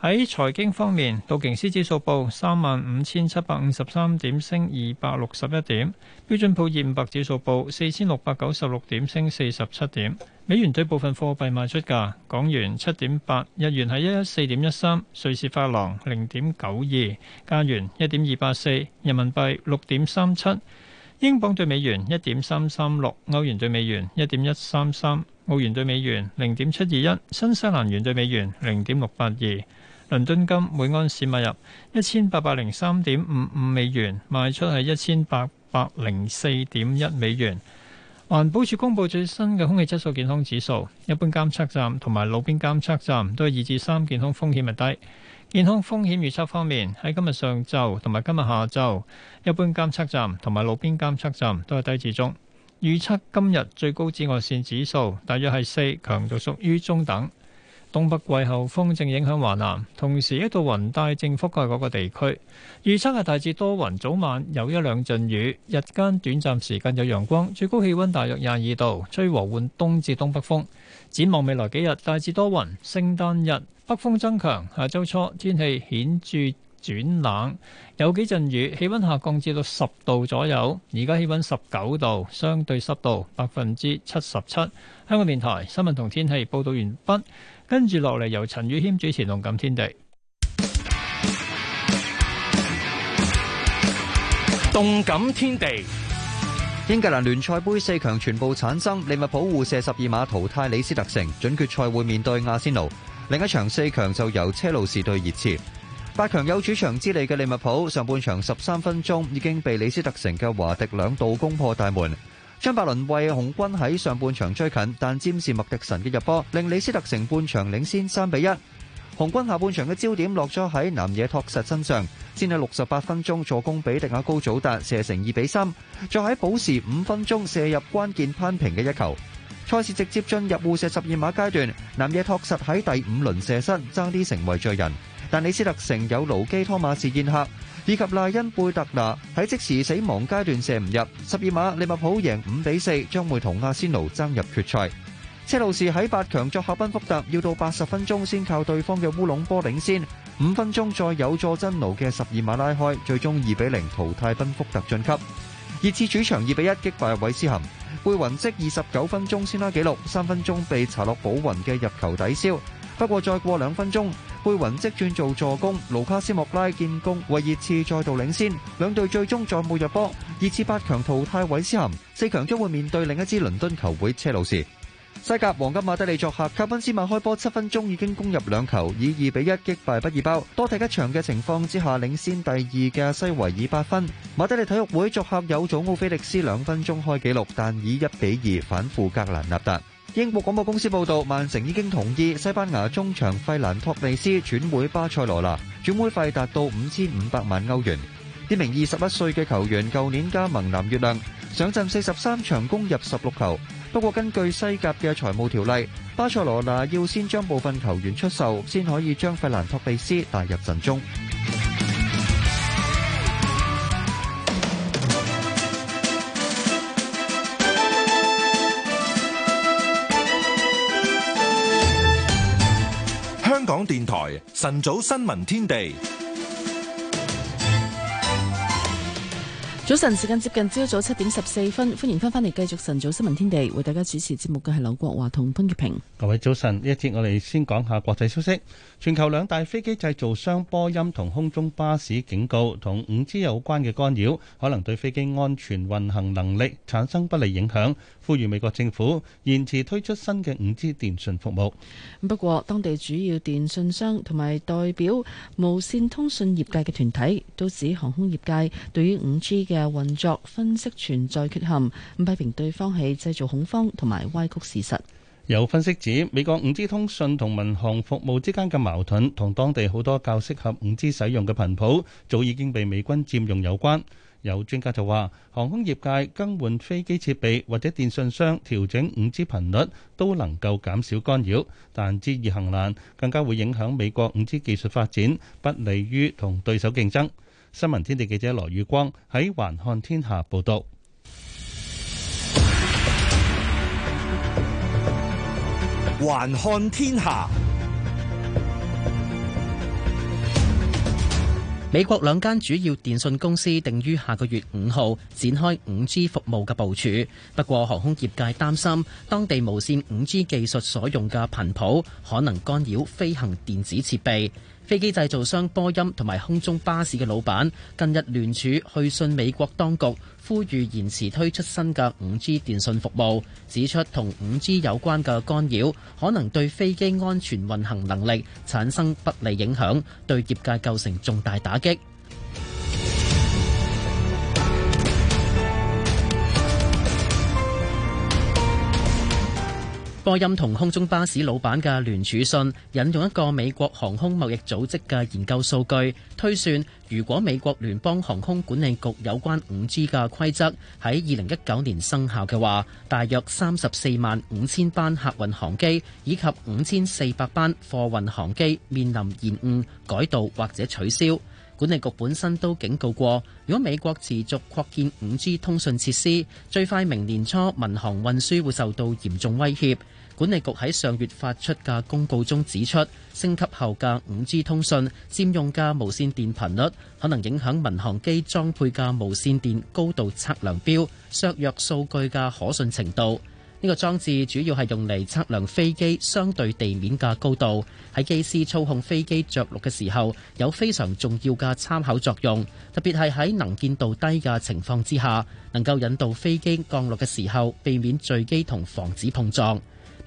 喺財經方面，道瓊斯指數報三萬五千七百五十三點，升二百六十一點；標準普爾五百指數報四千六百九十六點，升四十七點。美元對部分貨幣賣出價：港元七點八，日元係一一四點一三，瑞士法郎零點九二，加元一點二八四，人民幣六點三七。英鎊兌美元一點三三六，歐元兌美元一點一三三，澳元兌美元零點七二一，新西蘭元兌美元零點六八二。倫敦金每安士買入一千八百零三點五五美元，賣出係一千八百零四點一美元。環保署公佈最新嘅空氣質素健康指數，一般監測站同埋路邊監測站都係二至三，健康風險屬低。健康風險預測方面，喺今日上晝同埋今日下晝，一般監測站同埋路邊監測站都係低至中。預測今日最高紫外線指數大約係四，強度屬於中等。東北季候風正影響華南，同時一道雲帶正覆蓋嗰個地區。預測係大致多雲，早晚有一兩陣雨，日間短暫時間有陽光，最高氣温大約廿二度，吹和緩東至東北風。展望未來幾日，大致多雲，聖誕日北風增強，下週初天氣顯著轉冷，有幾陣雨，氣温下降至到十度左右。而家氣温十九度，相對濕度百分之七十七。香港電台新聞同天氣報導完畢。跟住落嚟，由陳宇謙主持《動感天地》。動感天地，英格蘭聯賽杯四強全部產生，利物浦互射十二碼淘汰李斯特城，準決賽會面對阿仙奴。另一場四強就由車路士對熱刺。八強有主場之利嘅利物浦，上半場十三分鐘已經被李斯特城嘅華迪兩度攻破大門。張伯倫為紅軍喺上半場追近，但占士麥迪神嘅入波，令李斯特城半場領先三比一。紅軍下半場嘅焦點落咗喺南野拓實身上，先喺六十八分鐘助攻比迪亞高祖達射成二比三，再喺補時五分鐘射入關鍵扳平嘅一球。賽事直接進入互射十二碼階段，南野拓實喺第五輪射失，爭啲成為罪人，但李斯特城有勞基湯馬士宴客。以及賴恩·貝特拿喺即時死亡階段射唔入，十二碼利物浦贏五比四，將會同阿仙奴爭入決賽。車路士喺八強作客賓福特，要到八十分鐘先靠對方嘅烏龍波領先，五分鐘再有助真奴嘅十二碼拉開，最終二比零淘汰賓福特晉級。熱刺主場二比一擊敗韋斯咸，貝雲即二十九分鐘先拉紀錄，三分鐘被查洛保雲嘅入球抵消。不過再過兩分鐘，貝雲即轉做助攻，盧卡斯莫拉建功，為熱刺再度領先。兩隊最終再冇入波，熱刺八強淘汰韋斯咸，四強將會面對另一支倫敦球會車路士。西甲皇家馬德里作客，卡賓斯馬開波七分鐘已經攻入兩球，以二比一擊敗畢爾包。多踢一場嘅情況之下，領先第二嘅西維爾八分。馬德里體育會作客有祖奧菲力斯兩分鐘開紀錄，但以一比二反負格蘭納達，達。英國廣播公司報道，曼城已經同意西班牙中場費蘭托利斯轉會巴塞羅那，轉會費達到五千五百萬歐元。呢名二十一歲嘅球員舊年加盟藍月亮，上陣四十三場，攻入十六球。不過根據西甲嘅財務條例，巴塞羅那要先將部分球員出售，先可以將費蘭托利斯帶入陣中。電台晨早新聞天地，早晨時間接近朝早七點十四分，歡迎翻返嚟繼續晨早新聞天地，為大家主持節目嘅係劉國華同潘潔平。各位早晨，呢一節我哋先講下國際消息，全球兩大飛機製造商波音同空中巴士警告，同五 G 有關嘅干擾可能對飛機安全運行能力產生不利影響。呼籲美國政府延遲推出新嘅五 G 電信服務。不過，當地主要電信商同埋代表無線通訊業界嘅團體都指航空業界對於五 G 嘅運作分析存在缺陷，咁批評對方係製造恐慌同埋歪曲事實。有分析指美國五 G 通訊同民航服務之間嘅矛盾，同當地好多較適合五 G 使用嘅頻譜早已經被美軍佔用有關。有專家就話，航空業界更換飛機設備或者電信商調整五 G 頻率，都能夠減少干擾。但知易行難，更加會影響美國五 G 技術發展，不利於同對手競爭。新聞天地記者羅宇光喺環看天下報導。環看天下報導。美國兩間主要電訊公司定於下個月五號展開五 G 服務嘅部署，不過航空業界擔心當地無線五 G 技術所用嘅頻譜可能干擾飛行電子設備。飛機製造商波音同埋空中巴士嘅老闆近日聯署去信美國當局，呼籲延遲推出新嘅五 G 電信服務，指出同五 G 有關嘅干擾可能對飛機安全運行能力產生不利影響，對業界構成重大打擊。波音同空中巴士老闆嘅聯署信，引用一個美國航空貿易組織嘅研究數據推算，如果美國聯邦航空管理局有關五 g 嘅規則喺二零一九年生效嘅話，大約三十四萬五千班客運航機以及五千四百班貨運航機面臨延誤改道或者取消。管理局本身都警告過，如果美國持續擴建五 g 通訊設施，最快明年初民航運輸會受到嚴重威脅。管理局喺上月發出嘅公告中指出，升級後嘅五 G 通訊佔用嘅無線電頻率，可能影響民航機裝配嘅無線電高度測量表，削弱數據嘅可信程度。呢、這個裝置主要係用嚟測量飛機相對地面嘅高度，喺機師操控飛機着陸嘅時候有非常重要嘅參考作用，特別係喺能見度低嘅情況之下，能夠引導飛機降落嘅時候避免墜機同防止碰撞。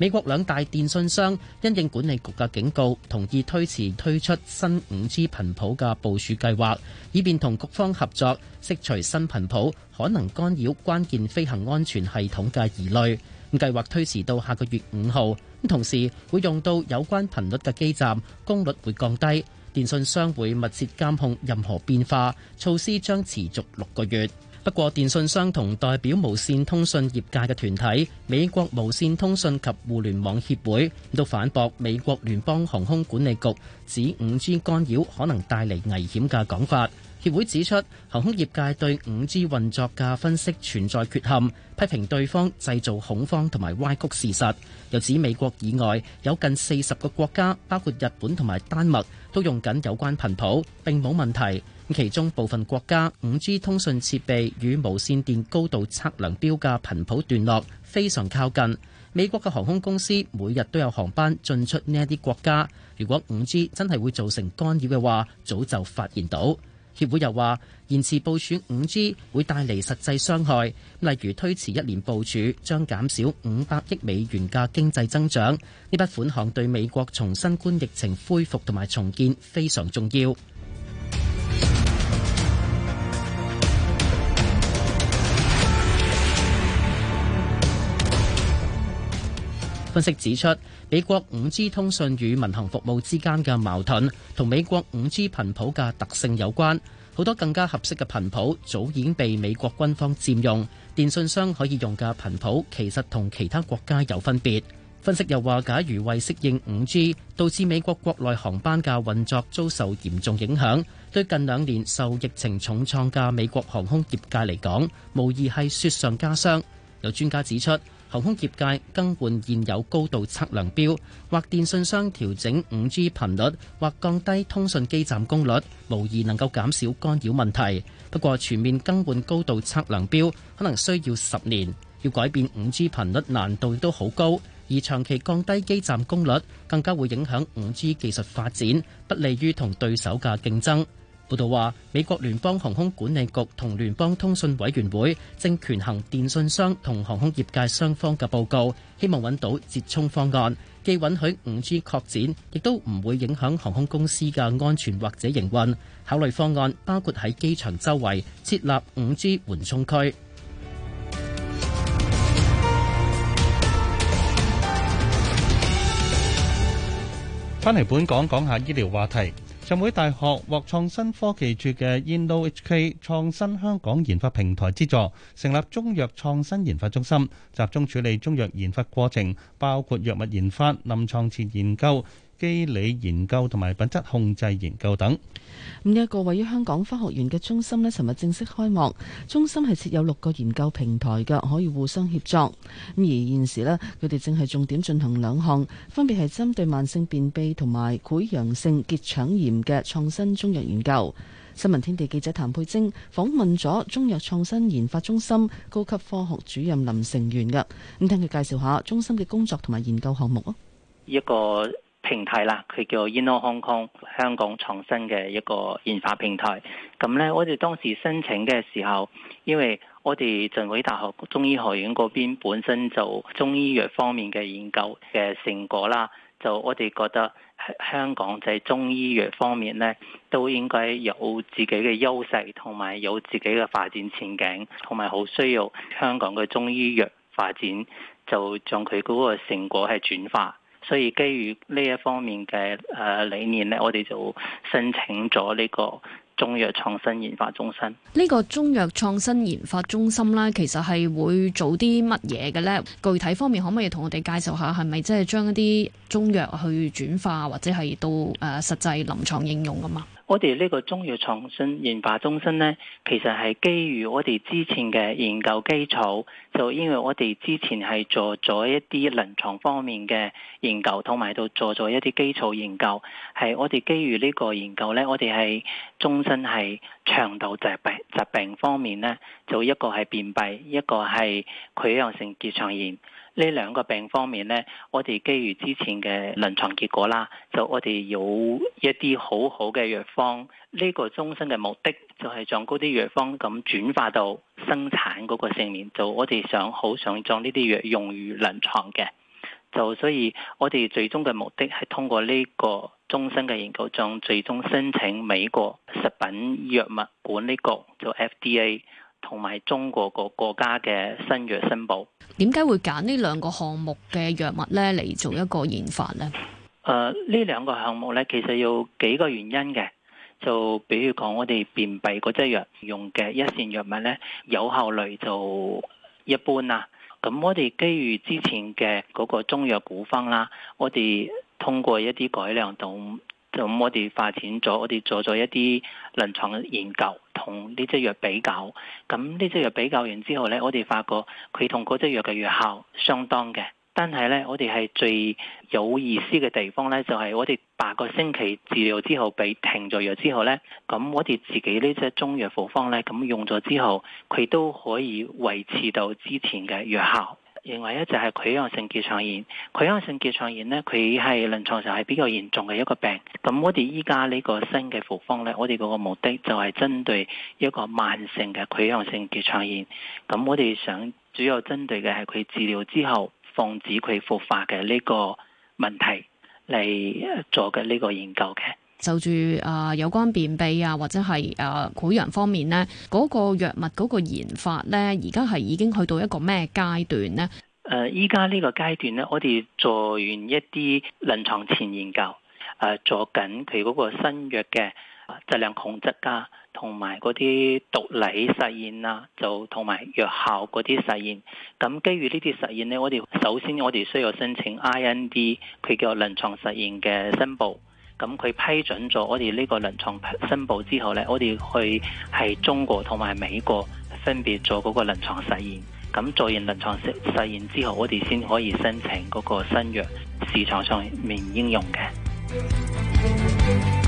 美國兩大電信商因應管理局嘅警告，同意推遲推出新五 G 頻譜嘅部署計劃，以便同局方合作，釋除新頻譜可能干擾關鍵飛行安全系統嘅疑慮。計劃推遲到下個月五號。同時，會用到有關頻率嘅基站功率會降低。電信商會密切監控任何變化，措施將持續六個月。不過，電信商同代表無線通訊業界嘅團體美國無線通訊及互聯網協會都反駁美國聯邦航空管理局指 5G 干擾可能帶嚟危險嘅講法。協會指出，航空業界對 5G 運作嘅分析存在缺陷，批評對方製造恐慌同埋歪曲事實。又指美國以外有近四十個國家，包括日本同埋丹麥，都用緊有關頻譜並冇問題。其中部分國家五 G 通訊設備與無線電高度測量標價頻譜段落非常靠近。美國嘅航空公司每日都有航班進出呢一啲國家。如果五 G 真係會造成干擾嘅話，早就發現到。協會又話延遲部署五 G 會帶嚟實際傷害，例如推遲一年部署將減少五百億美元嘅經濟增長。呢筆款項對美國從新冠疫情恢復同埋重建非常重要。分析指出，美國五 G 通訊與民航服務之間嘅矛盾，同美國五 G 頻譜嘅特性有關。好多更加合適嘅頻譜早已經被美國軍方佔用，電信商可以用嘅頻譜其實同其他國家有分別。分析又話，假如為適應五 G，導致美國國內航班嘅運作遭受嚴重影響，對近兩年受疫情重創嘅美國航空業界嚟講，無疑係雪上加霜。有專家指出。航空業界更換現有高度測量標，或電信商調整五 G 頻率，或降低通訊基站功率，無疑能夠減少干擾問題。不過，全面更換高度測量標可能需要十年；要改變五 G 頻率難度都好高，而長期降低基站功率更加會影響五 G 技術發展，不利於同對手嘅競爭。報道話，美國聯邦航空管理局同聯邦通信委員會正權衡電信商同航空業界雙方嘅報告，希望揾到折衷方案，既允許五 G 擴展，亦都唔會影響航空公司嘅安全或者營運。考慮方案包括喺機場周圍設立五 G 緩衝區。翻嚟本港，講下醫療話題。浸會大學獲創新科技署嘅 InnoHK 創新香港研發平台資助，成立中藥創新研發中心，集中處理中藥研發過程，包括藥物研發、臨牀前研究、機理研究同埋品質控制研究等。咁一個位於香港科學園嘅中心呢，尋日正式開幕。中心係設有六個研究平台嘅，可以互相協作。咁而現時呢，佢哋正係重點進行兩項，分別係針對慢性便秘同埋潰瘍性結腸炎嘅創新中藥研究。新聞天地記者譚佩晶訪問咗中藥創新研發中心高級科學主任林成元嘅。咁聽佢介紹下中心嘅工作同埋研究項目啊。一個平台啦，佢叫 Inno Hong Kong 香港創新嘅一個研發平台。咁咧，我哋當時申請嘅時候，因為我哋浸會大學中醫學院嗰邊本身就中醫藥方面嘅研究嘅成果啦，就我哋覺得香港就係中醫藥方面咧都應該有自己嘅優勢，同埋有自己嘅發展前景，同埋好需要香港嘅中醫藥發展就將佢嗰個成果係轉化。所以基於呢一方面嘅誒理念咧，我哋就申請咗呢個中藥創新研發中心。呢個中藥創新研發中心咧，其實係會做啲乜嘢嘅咧？具體方面可唔可以同我哋介紹下？係咪即係將一啲中藥去轉化，或者係到誒實際臨牀應用啊嘛？我哋呢個中藥創新研發中心呢，其實係基於我哋之前嘅研究基礎，就因為我哋之前係做咗一啲臨床方面嘅研究，同埋都做咗一啲基礎研究，係我哋基於呢個研究呢，我哋係中心係腸道疾病疾病方面呢，就一個係便秘，一個係潰瘍性結腸炎。呢兩個病方面呢，我哋基於之前嘅臨床結果啦，就我哋有一啲好好嘅藥方。呢個中心嘅目的就係將嗰啲藥方咁轉化到生產嗰個成年，就我哋想好想將呢啲藥用於臨床嘅。就所以，我哋最終嘅目的係通過呢個中心嘅研究，將最終申請美國食品藥物管理局做 FDA。同埋中國個國家嘅新藥申報，點解會揀呢兩個項目嘅藥物咧嚟做一個研發呢？誒、呃，兩項呢兩個項目咧，其實有幾個原因嘅。就比如講，我哋便秘嗰隻藥用嘅一線藥物咧，有效率就一般啦。咁我哋基於之前嘅嗰個中藥古方啦，我哋通過一啲改良，咁咁我哋發展咗，我哋做咗一啲臨床嘅研究。同呢隻藥比較，咁呢隻藥比較完之後呢，我哋發覺佢同嗰隻藥嘅藥效相當嘅。但係呢，我哋係最有意思嘅地方呢，就係我哋八個星期治療之後，被停咗藥之後呢，咁我哋自己呢隻中藥復方呢，咁用咗之後，佢都可以維持到之前嘅藥效。認為咧，就係潰瘍性結腸炎，潰瘍性結腸炎咧，佢係臨床上係比較嚴重嘅一個病。咁我哋依家呢個新嘅復方咧，我哋嗰個目的就係針對一個慢性嘅潰瘍性結腸炎。咁我哋想主要針對嘅係佢治療之後防止佢復發嘅呢個問題嚟做嘅呢個研究嘅。就住啊，有關便秘啊，或者係啊，潰瘍方面呢，嗰個藥物嗰個研發呢，而家係已經去到一個咩階段呢？誒，依家呢個階段呢，我哋做完一啲臨床前研究，誒、啊，做緊佢嗰個新藥嘅質量控制啊，同埋嗰啲毒理實驗啊，就同埋藥效嗰啲實驗。咁基於呢啲實驗呢，我哋首先我哋需要申請 IND，佢叫臨床實驗嘅申報。咁佢批准咗我哋呢個臨床申報之後咧，我哋去係中國同埋美國分別做嗰個臨床實驗。咁做完臨床實實驗之後，我哋先可以申請嗰個新藥市場上面應用嘅。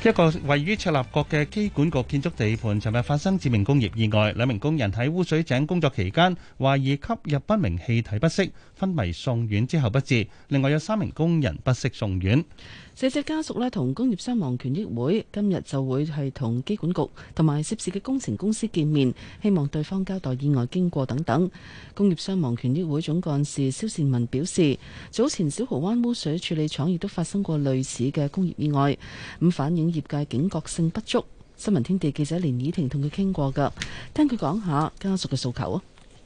一個位於赤鱲角嘅機管局建築地盤，尋日發生致命工業意外，兩名工人喺污水井工作期間，懷疑吸入不明氣體不適，昏迷送院之後不治。另外有三名工人不適送院。死者家屬呢同工業傷亡權益會今日就會係同機管局同埋涉事嘅工程公司見面，希望對方交代意外經過等等。工業傷亡權益會總幹事蕭善文表示，早前小蠔灣污水處理廠亦都發生過類似嘅工業意外，咁反映業界警覺性不足。新聞天地記者連以婷同佢傾過㗎，聽佢講下家屬嘅訴求啊！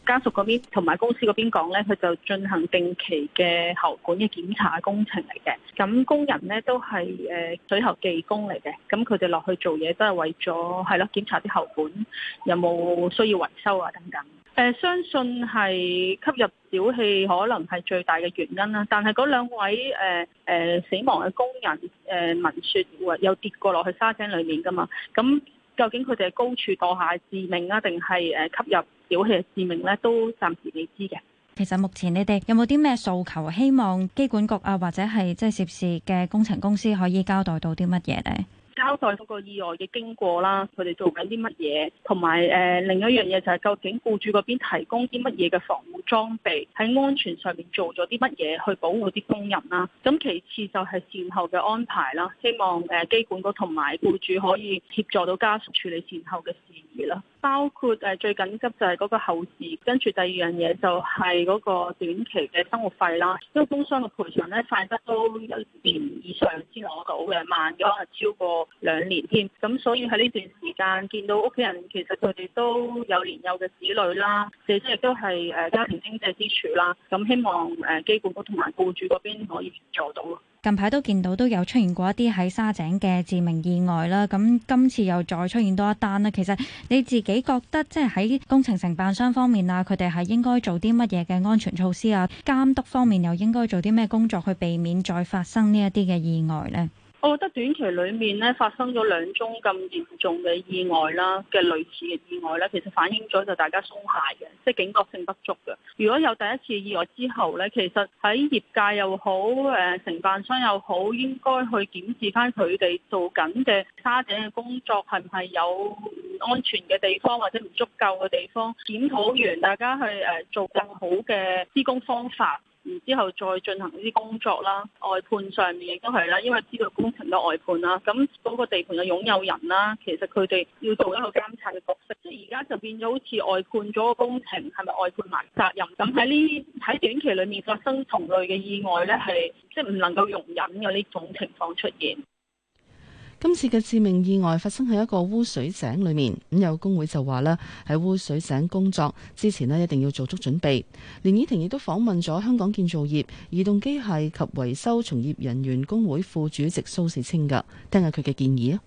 家屬嗰邊同埋公司嗰邊講呢，佢就進行定期嘅喉管嘅檢查工程嚟嘅。咁工人呢都係誒水喉技工嚟嘅，咁佢哋落去做嘢都係為咗係咯檢查啲喉管有冇需要維修啊等等。誒、呃、相信係吸入沼氣可能係最大嘅原因啦。但係嗰兩位誒誒、呃呃、死亡嘅工人誒聞説話有跌過落去沙井裡面噶嘛？咁究竟佢哋係高處墮下致命啊，定係誒吸入沼氣致命呢？都暫時未知嘅。其實目前你哋有冇啲咩訴求？希望機管局啊，或者係即係涉事嘅工程公司可以交代到啲乜嘢呢？交代嗰個意外嘅經過啦，佢哋做緊啲乜嘢，同埋誒另一樣嘢就係究竟僱主嗰邊提供啲乜嘢嘅防護裝備，喺安全上面做咗啲乜嘢去保護啲工人啦。咁其次就係善後嘅安排啦，希望誒、呃、機管局同埋僱主可以協助到家屬處理善後嘅事宜啦。包括誒最緊急就係嗰個後事，跟住第二樣嘢就係嗰個短期嘅生活費啦。因為工傷嘅賠償咧，快得都一年以上先攞到嘅，慢咗可能超過兩年添。咁所以喺呢段時間見到屋企人其實佢哋都有年幼嘅子女啦，其實亦都係誒家庭經濟支柱啦。咁希望誒機構同埋僱主嗰邊可以做到。近排都見到都有出現過一啲喺沙井嘅致命意外啦，咁今次又再出現多一單啦。其實你自己覺得即係喺工程承辦商方面啊，佢哋係應該做啲乜嘢嘅安全措施啊？監督方面又應該做啲咩工作去避免再發生呢一啲嘅意外呢？我覺得短期裡面咧發生咗兩宗咁嚴重嘅意外啦，嘅類似嘅意外咧，其實反映咗就大家鬆懈嘅，即係警覺性不足嘅。如果有第一次意外之後咧，其實喺業界又好，誒、呃、承辦商又好，應該去檢視返佢哋做緊嘅沙井嘅工作係唔係有唔安全嘅地方，或者唔足夠嘅地方。檢討完，大家去誒做更好嘅施工方法。然之後再進行呢啲工作啦，外判上面亦都係啦，因為知道工程嘅外判啦，咁嗰個地盤嘅擁有人啦，其實佢哋要做一個監察嘅角色，即係而家就變咗好似外判咗個工程係咪外判埋責任？咁喺呢喺短期裏面發生同類嘅意外咧，係即係唔能夠容忍嘅呢種情況出現。今次嘅致命意外發生喺一個污水井裏面，咁有工會就話咧，喺污水井工作之前咧，一定要做足準備。連以婷亦都訪問咗香港建造業移動機械及維修從業人員工會副主席蘇士清噶，聽下佢嘅建議啊。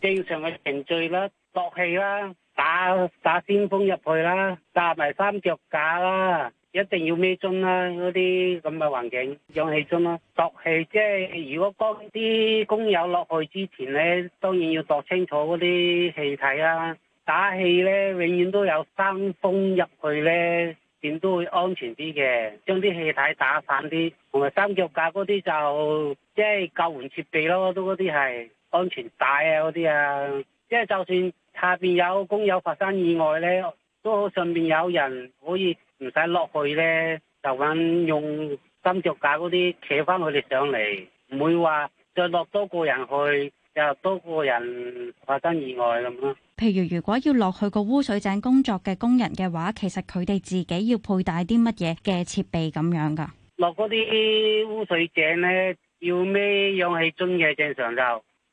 正常嘅程序啦，駁氣啦，打打先鋒入去啦，搭埋三腳架啦。一定要咩樽啦？嗰啲咁嘅環境，氧氣樽啦、啊，度氣，即係如果幫啲工友落去之前咧，當然要度清楚嗰啲氣體啦、啊。打氣咧，永遠都有生風入去咧，點都會安全啲嘅。將啲氣體打散啲，同埋三腳架嗰啲就即係救援設備咯，都嗰啲係安全帶啊嗰啲啊，即係就算下邊有工友發生意外咧，都好上便有人可以。唔使落去咧，就咁用金屬架嗰啲企翻佢哋上嚟，唔會話再落多個人去又多個人發生意外咁咯。譬如如果要落去個污水井工作嘅工人嘅話，其實佢哋自己要佩戴啲乜嘢嘅設備咁樣噶？落嗰啲污水井咧，要孭氧氣樽嘅正常就，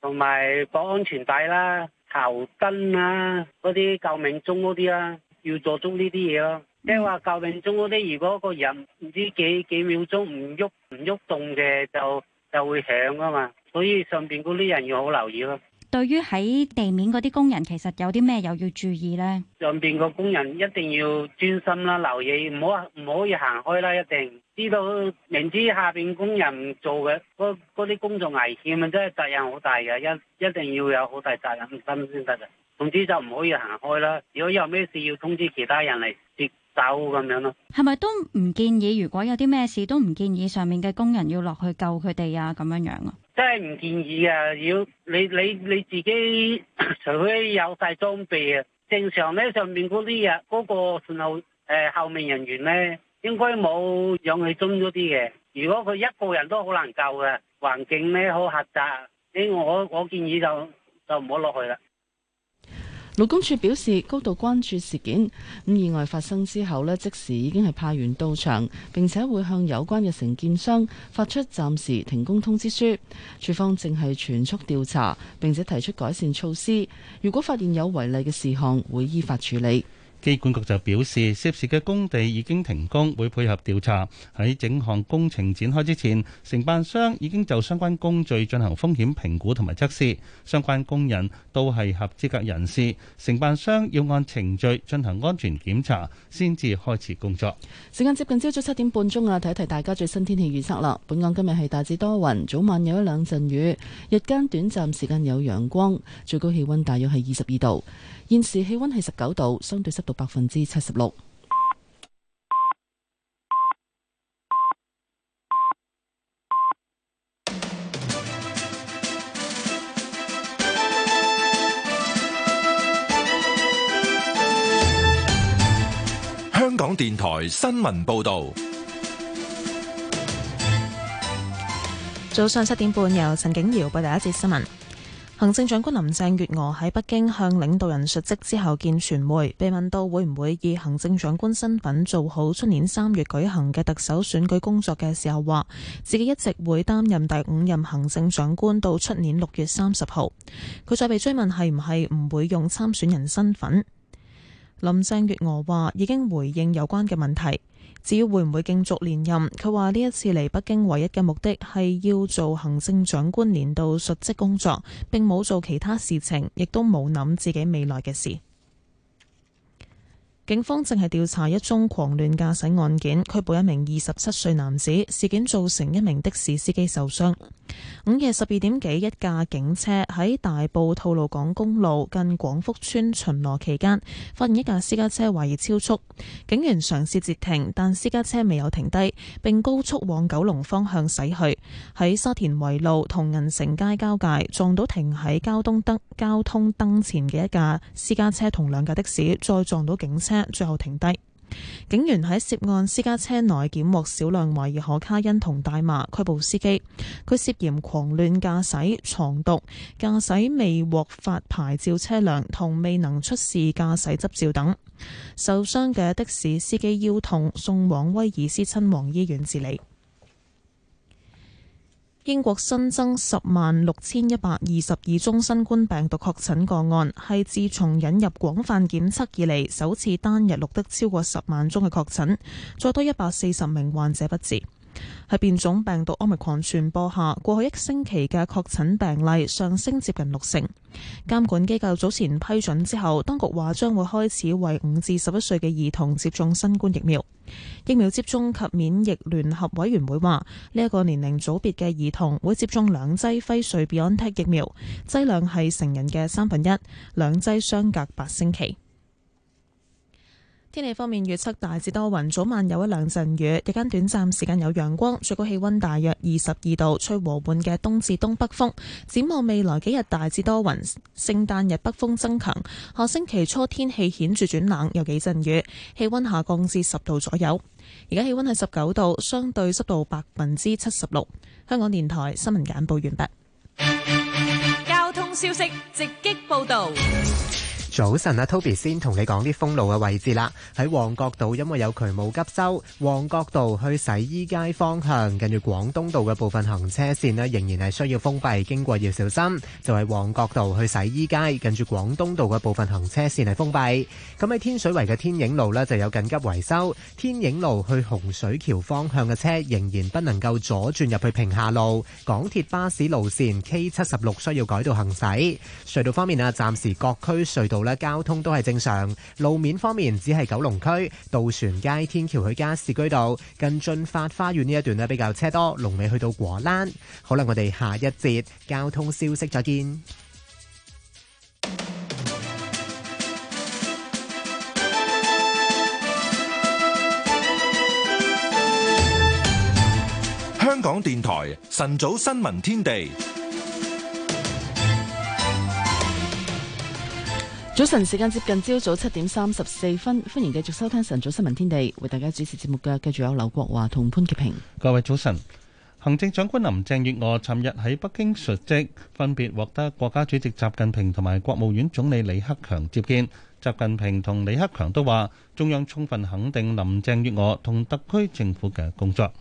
同埋綁安全帶啦、頭燈啦、嗰啲救命鐘嗰啲啦，要做足呢啲嘢咯。即係話救命鐘嗰啲，如果個人唔知幾幾秒鐘唔喐唔喐動嘅，動動就就會響啊嘛。所以上邊嗰啲人要好留意咯。對於喺地面嗰啲工人，其實有啲咩又要注意呢？上邊個工人一定要專心啦，留意唔好唔可以行開啦，一定知道明知下邊工人唔做嘅，嗰啲工作危險啊，真係責任好大嘅，一一定要有好大責任心先得嘅。總之就唔可以行開啦，如果有咩事要通知其他人嚟接。走咁樣咯，係咪都唔建議？如果有啲咩事，都唔建議上面嘅工人要落去救佢哋啊，咁樣樣啊，即係唔建議啊！要你你你自己， 除非有晒裝備啊。正常咧，上面嗰啲人嗰個信號誒，後面人員咧，應該冇氧氣樽嗰啲嘅。如果佢一個人都好難救嘅，環境咧好狹窄，所、欸、我我建議就就唔好落去啦。勞工處表示高度關注事件，咁意外發生之後咧，即時已經係派員到場，並且會向有關嘅承建商發出暫時停工通知書。處方正係全速調查，並且提出改善措施。如果發現有違例嘅事項，會依法處理。機管局就表示，涉事嘅工地已經停工，會配合調查。喺整項工程展開之前，承辦商已經就相關工序進行風險評估同埋測試，相關工人都係合資格人士。承辦商要按程序進行安全檢查，先至開始工作。時間接近朝早七點半鐘啊，提一提大家最新天氣預測啦。本港今日係大致多雲，早晚有一兩陣雨，日間短暫時間有陽光，最高氣溫大約係二十二度。現時氣溫係十九度，相對濕度，百分之七十六。香港電台新聞報道，早上七點半由陳景瑤播第一節新聞。行政長官林鄭月娥喺北京向領導人述職之後見傳媒，被問到會唔會以行政長官身份做好出年三月舉行嘅特首選舉工作嘅時候，話自己一直會擔任第五任行政長官到出年六月三十號。佢再被追問係唔係唔會用參選人身份，林鄭月娥話已經回應有關嘅問題。至於會唔會競逐連任，佢話呢一次嚟北京唯一嘅目的係要做行政長官年度述職工作，並冇做其他事情，亦都冇諗自己未來嘅事。警方正係調查一宗狂亂駕駛案件，拘捕一名二十七歲男子。事件造成一名的士司機受傷。午夜十二點幾，一架警車喺大埔吐露港公路近廣福村巡邏期間，發現一架私家車懷疑超速。警員嘗試截停，但私家車未有停低，並高速往九龍方向駛去。喺沙田圍路同銀城街交界，撞到停喺交通燈交通燈前嘅一架私家車同兩架的士，再撞到警車。最後停低，警員喺涉案私家車內檢獲少量懷疑可卡因同大麻，拘捕司機。佢涉嫌狂亂駕駛、藏毒、駕駛未獲發牌照車輛同未能出示駕駛執照等。受傷嘅的，的士司機腰痛，送往威爾斯親王醫院治理。英國新增十萬六千一百二十二宗新冠病毒確診個案，係自從引入廣泛檢測以嚟首次單日錄得超過十萬宗嘅確診，再多一百四十名患者不治。喺變種病毒安 m 狂 c 傳播下，過去一星期嘅確診病例上升接近六成。監管機構早前批准之後，當局話將會開始為五至十一歲嘅兒童接種新冠疫苗。疫苗接種及免疫聯合委員會話，呢、這、一個年齡組別嘅兒童會接種兩劑輝瑞 b 安 o 疫苗，劑量係成人嘅三分一，兩劑相隔八星期。天氣方面，預測大致多雲，早晚有一兩陣雨，日間短暫時間有陽光，最高氣温大約二十二度，吹和緩嘅東至東北風。展望未來幾日，大致多雲，聖誕日北風增強，下星期初天氣顯著轉冷，有幾陣雨，氣温下降至十度左右。而家氣温係十九度，相對濕度百分之七十六。香港電台新聞簡報完畢。交通消息直擊報道。早晨啊，Toby 先同你講啲封路嘅位置啦。喺旺角道，因為有渠務急修，旺角道去洗衣街方向，近住廣東道嘅部分行車線咧，仍然係需要封閉，經過要小心。就係旺角道去洗衣街，近住廣東道嘅部分行車線係封閉。咁喺天水圍嘅天影路咧就有緊急維修，天影路去洪水橋方向嘅車仍然不能夠左轉入去平下路。港鐵巴士路線 K 七十六需要改道行駛。隧道方面啊，暫時各區隧道。交通都係正常，路面方面只係九龍區渡船街天橋去加士居道，近駿發花園呢一段咧比較車多，龍尾去到果欄。好啦，我哋下一節交通消息再見。香港電台晨早新聞天地。早晨，時間接近朝早七點三十四分，歡迎繼續收聽晨早新聞天地，為大家主持節目嘅繼續有劉國華同潘潔平。各位早晨，行政長官林鄭月娥尋日喺北京述職，分別獲得國家主席習近平同埋國務院總理李克強接見。習近平同李克強都話，中央充分肯定林鄭月娥同特區政府嘅工作。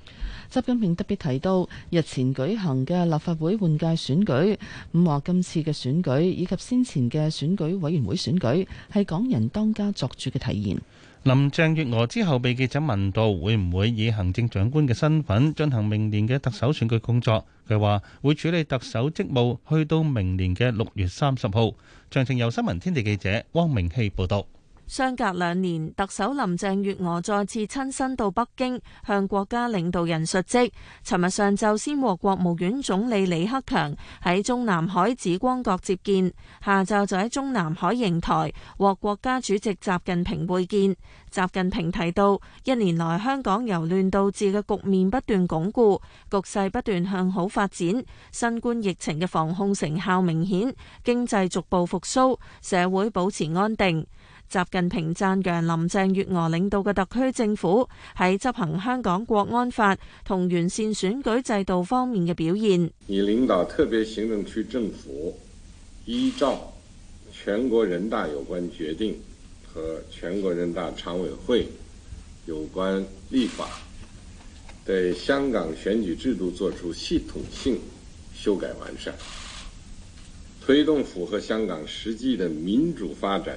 習近平特別提到日前舉行嘅立法會換屆選舉，咁話今次嘅選舉以及先前嘅選舉委員會選舉係港人當家作主嘅體現。林鄭月娥之後被記者問到會唔會以行政長官嘅身份進行明年嘅特首選舉工作，佢話會處理特首職務去到明年嘅六月三十號。詳情由新聞天地記者汪明熙報道。相隔兩年，特首林鄭月娥再次親身到北京向國家領導人述職。尋日上晝先和國務院總理李克強喺中南海紫光閣接見，下晝就喺中南海瀛台獲國家主席習近平會見。習近平提到，一年來香港由亂到治嘅局面不斷鞏固，局勢不斷向好發展，新冠疫情嘅防控成效明顯，經濟逐步復甦，社會保持安定。習近平讚揚林鄭月娥領導嘅特區政府喺執行香港國安法同完善選舉制度方面嘅表現。你領導特別行政區政府，依照全國人大有關決定和全國人大常委會有關立法，對香港選舉制度作出系統性修改完善，推動符合香港實際的民主發展。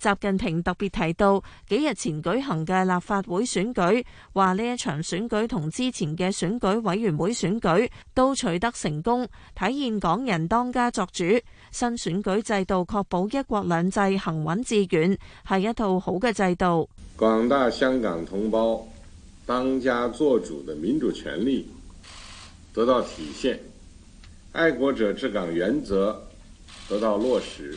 習近平特別提到，幾日前舉行嘅立法會選舉，話呢一場選舉同之前嘅選舉委員會選舉都取得成功，體現港人當家作主，新選舉制度確保一國兩制行穩致遠，係一套好嘅制度。廣大香港同胞當家作主嘅民主權利得到體現，愛國者治港原則得到落實。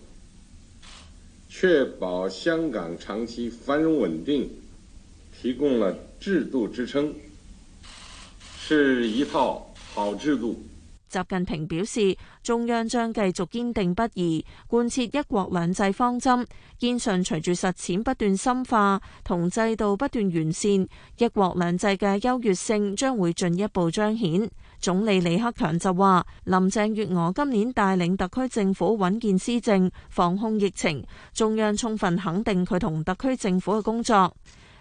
確保香港長期繁榮穩定，提供了制度支撐，是一套好制度。習近平表示，中央將繼續堅定不移，貫徹“一國兩制”方針，堅信隨住實踐不斷深化，同制度不斷完善，“一國兩制”嘅優越性將會進一步彰顯。總理李克強就話，林鄭月娥今年帶領特區政府穩健施政、防控疫情，中央充分肯定佢同特區政府嘅工作。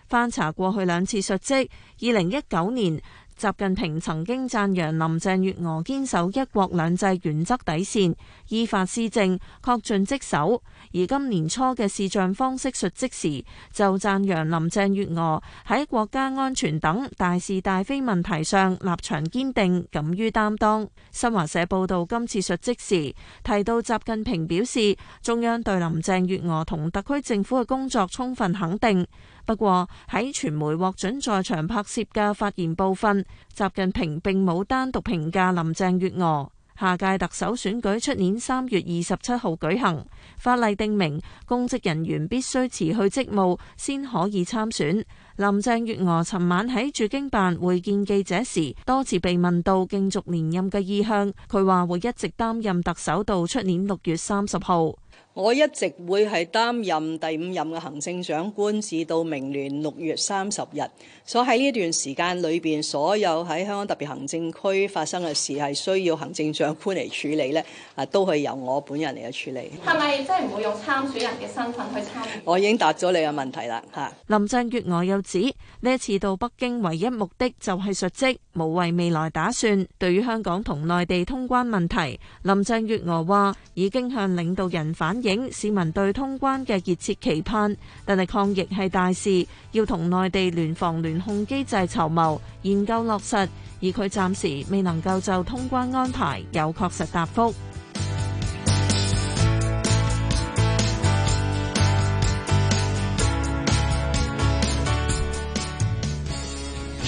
翻查過去兩次述職，二零一九年。習近平曾經讚揚林鄭月娥堅守一國兩制原則底線、依法施政、恪盡職守，而今年初嘅視像方式述職時，就讚揚林鄭月娥喺國家安全等大是大非問題上立場堅定、敢於擔當。新華社報道今次述職時提到，習近平表示中央對林鄭月娥同特區政府嘅工作充分肯定。不過喺傳媒獲准在場拍攝嘅發言部分，習近平並冇單獨評價林鄭月娥。下屆特首選舉出年三月二十七號舉行，法例定明公職人員必須辭去職務先可以參選。林鄭月娥尋晚喺駐京辦會見記者時，多次被問到競逐連任嘅意向，佢話會一直擔任特首到出年六月三十號。我一直會係擔任第五任嘅行政長官，至到明年六月三十日。所喺呢段時間裏邊，所有喺香港特別行政區發生嘅事係需要行政長官嚟處理呢啊都係由我本人嚟去處理。係咪真係唔會用參選人嘅身份去參？我已經答咗你嘅問題啦，嚇。林鄭月娥又指，呢一次到北京唯一目的就係述職，冇為未來打算。對於香港同內地通關問題，林鄭月娥話已經向領導人反。影市民對通關嘅熱切期盼，但係抗疫係大事，要同內地聯防聯控機制籌謀謀，研究落實，而佢暫時未能夠就通關安排有確實答覆。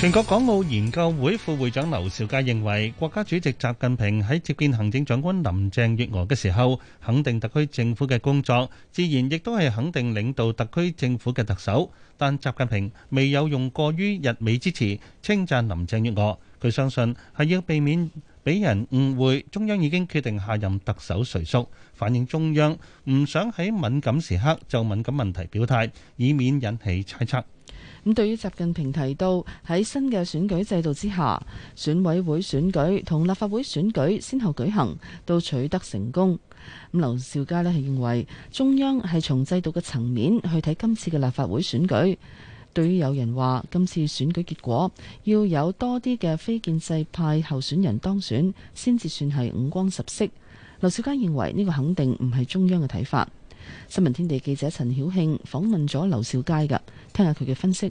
全國港澳研究會副會長劉兆佳認為，國家主席習近平喺接見行政長官林鄭月娥嘅時候，肯定特區政府嘅工作，自然亦都係肯定領導特區政府嘅特首。但習近平未有用過於溢美之詞稱讚林鄭月娥。佢相信係要避免俾人誤會，中央已經決定下任特首誰屬，反映中央唔想喺敏感時刻就敏感問題表態，以免引起猜測。咁對於習近平提到喺新嘅選舉制度之下，選委會選舉同立法會選舉先後舉行都取得成功。咁劉兆佳呢係認為中央係從制度嘅層面去睇今次嘅立法會選舉。對於有人話今次選舉結果要有多啲嘅非建制派候選人當選先至算係五光十色，劉兆佳認為呢、這個肯定唔係中央嘅睇法。新聞天地記者陳曉慶訪問咗劉兆佳噶，聽下佢嘅分析。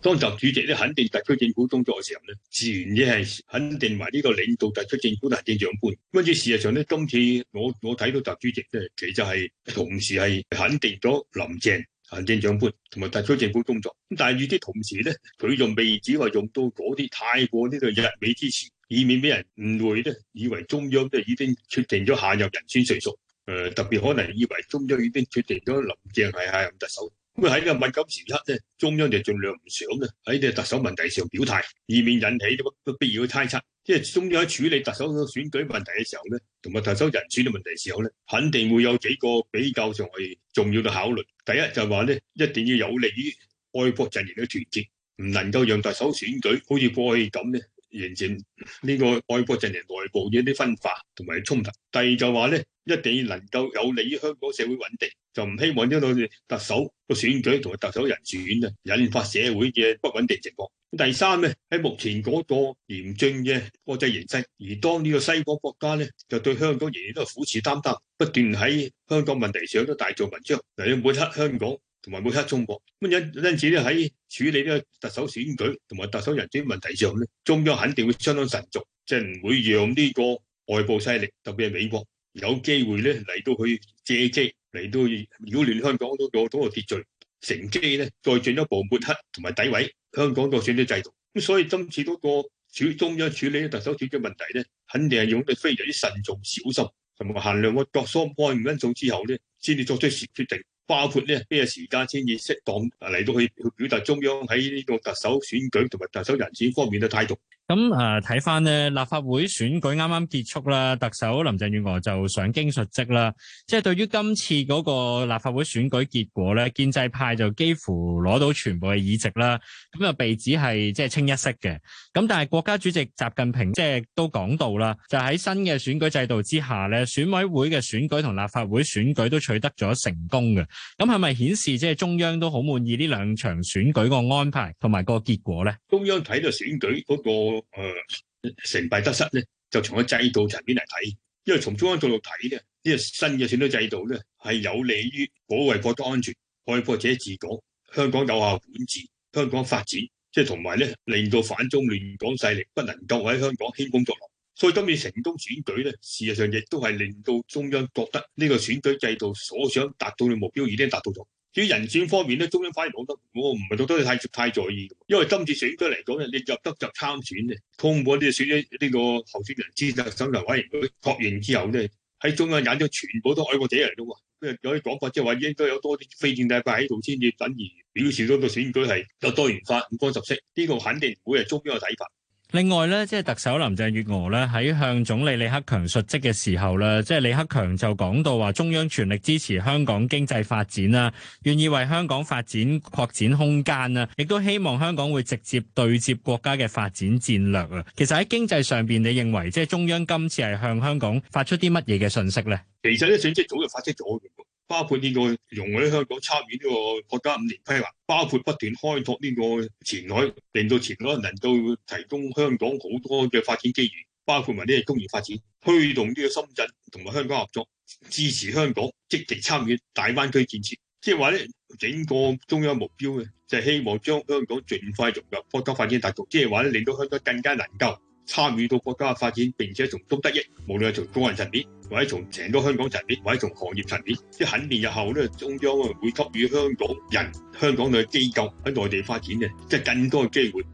當習主席咧肯定特區政府工作嘅時候咧，自然亦係肯定埋呢個領導特區政府行政長官。跟住事實上咧，今次我我睇到習主席咧，其實係同時係肯定咗林鄭行政長官同埋特區政府工作。咁但係與此同時咧，佢就未只話用到嗰啲太過呢個溢美之詞，以免俾人誤會咧，以為中央都已經決定咗下入人選誰屬。誒、呃，特別可能以為中央已經決定咗林鄭係係任特首，咁喺個敏感時刻咧，中央就盡量唔想嘅喺呢個特首問題上表態，以免引起不必要嘅猜測。即、就、係、是、中央喺處理特首選舉問題嘅時候咧，同埋特首人選嘅問題時候咧，肯定會有幾個比較上係重要嘅考慮。第一就係話咧，一定要有利於愛國陣營嘅團結，唔能夠讓特首選舉好似過去咁嘅。完善呢個愛國陣營內部嘅一啲分化同埋衝突。第二就話咧，一定要能夠有利於香港社會穩定，就唔希望因個特首個選舉同埋特首人選啊，引發社會嘅不穩定情況。第三咧，喺目前嗰個嚴峻嘅國際形勢，而當呢個西方國家咧，就對香港仍然都係虎視眈眈，不斷喺香港問題上都大做文章，嚟到抹黑香港。同埋抹黑中國，咁因因此咧，喺處理呢個特首選舉同埋特首人選問題上咧，中央肯定會相當慎重，即係唔會讓呢個外部勢力，特別係美國，有機會咧嚟到去借機嚟到擾亂香港嗰個秩序，乘機咧再進一步抹黑同埋詆毀香港嘅選舉制度。咁所以今次嗰個處中央處理特首選舉問題咧，肯定係用得非常之慎重小心，同埋衡量個各種外在因素之後咧，先至作出決定。包括咧，咩時間先至適當嚟到去去表達中央喺呢個特首選舉同埋特首人選方面嘅態度？咁誒睇翻呢立法會選舉啱啱結束啦，特首林鄭月娥就上京述職啦。即係對於今次嗰個立法會選舉結果咧，建制派就幾乎攞到全部嘅議席啦，咁就被指係即係清一色嘅。咁但係國家主席習近平即係都講到啦，就喺新嘅選舉制度之下咧，選委會嘅選舉同立法會選舉都取得咗成功嘅。咁係咪顯示即係中央都好滿意呢兩場選舉個安排同埋個結果咧？中央睇到選舉嗰個。誒、呃，成敗得失咧，就從個制度層面嚟睇，因為從中央角度睇咧，呢、這個新嘅選舉制度咧係有利於保衛國家安全，愛國者治港，香港有效管治，香港發展，即係同埋咧令到反中亂港勢力不能夠喺香港興風作浪。所以今年成功選舉咧，事實上亦都係令到中央覺得呢個選舉制度所想達到嘅目標已經達到咗。至於人選方面咧，中央反而冇得我唔係覺得太太在意，因為今次選舉嚟講咧，你入得就參選嘅，通過呢個選舉呢個候選人資格審查委員會確認之後咧，喺中央眼中全部都愛國者嚟㗎嘛。有啲講法即係話應該有多啲非建制派喺度先至等於表示咗個選舉係有多元化、五光十色，呢個肯定唔會係中央嘅睇法。另外咧，即係特首林鄭月娥咧喺，向總理李克強述職嘅時候咧，即係李克強就講到話中央全力支持香港經濟發展啦，願意為香港發展擴展空間啦，亦都希望香港會直接對接國家嘅發展戰略啊。其實喺經濟上邊，你認為即係中央今次係向香港發出啲乜嘢嘅信息呢？其實呢，信息早就發出咗嘅包括呢個容許香港參與呢個國家五年規劃，包括不斷開拓呢個前海，令到前海能夠提供香港好多嘅發展機遇，包括埋呢個工業發展，推動呢個深圳同埋香港合作，支持香港積極參與大灣區建設。即係話咧，整個中央目標呢就係、是、希望將香港盡快融入國家發展大局，即係話咧，令到香港更加能夠。參與到國家發展，並且從都得益，無論係從個人層面，或者從成個香港層面，或者從行業層面，即係肯定日後咧，中央會給予香港人、香港嘅機構喺內地發展嘅即係更多嘅機會。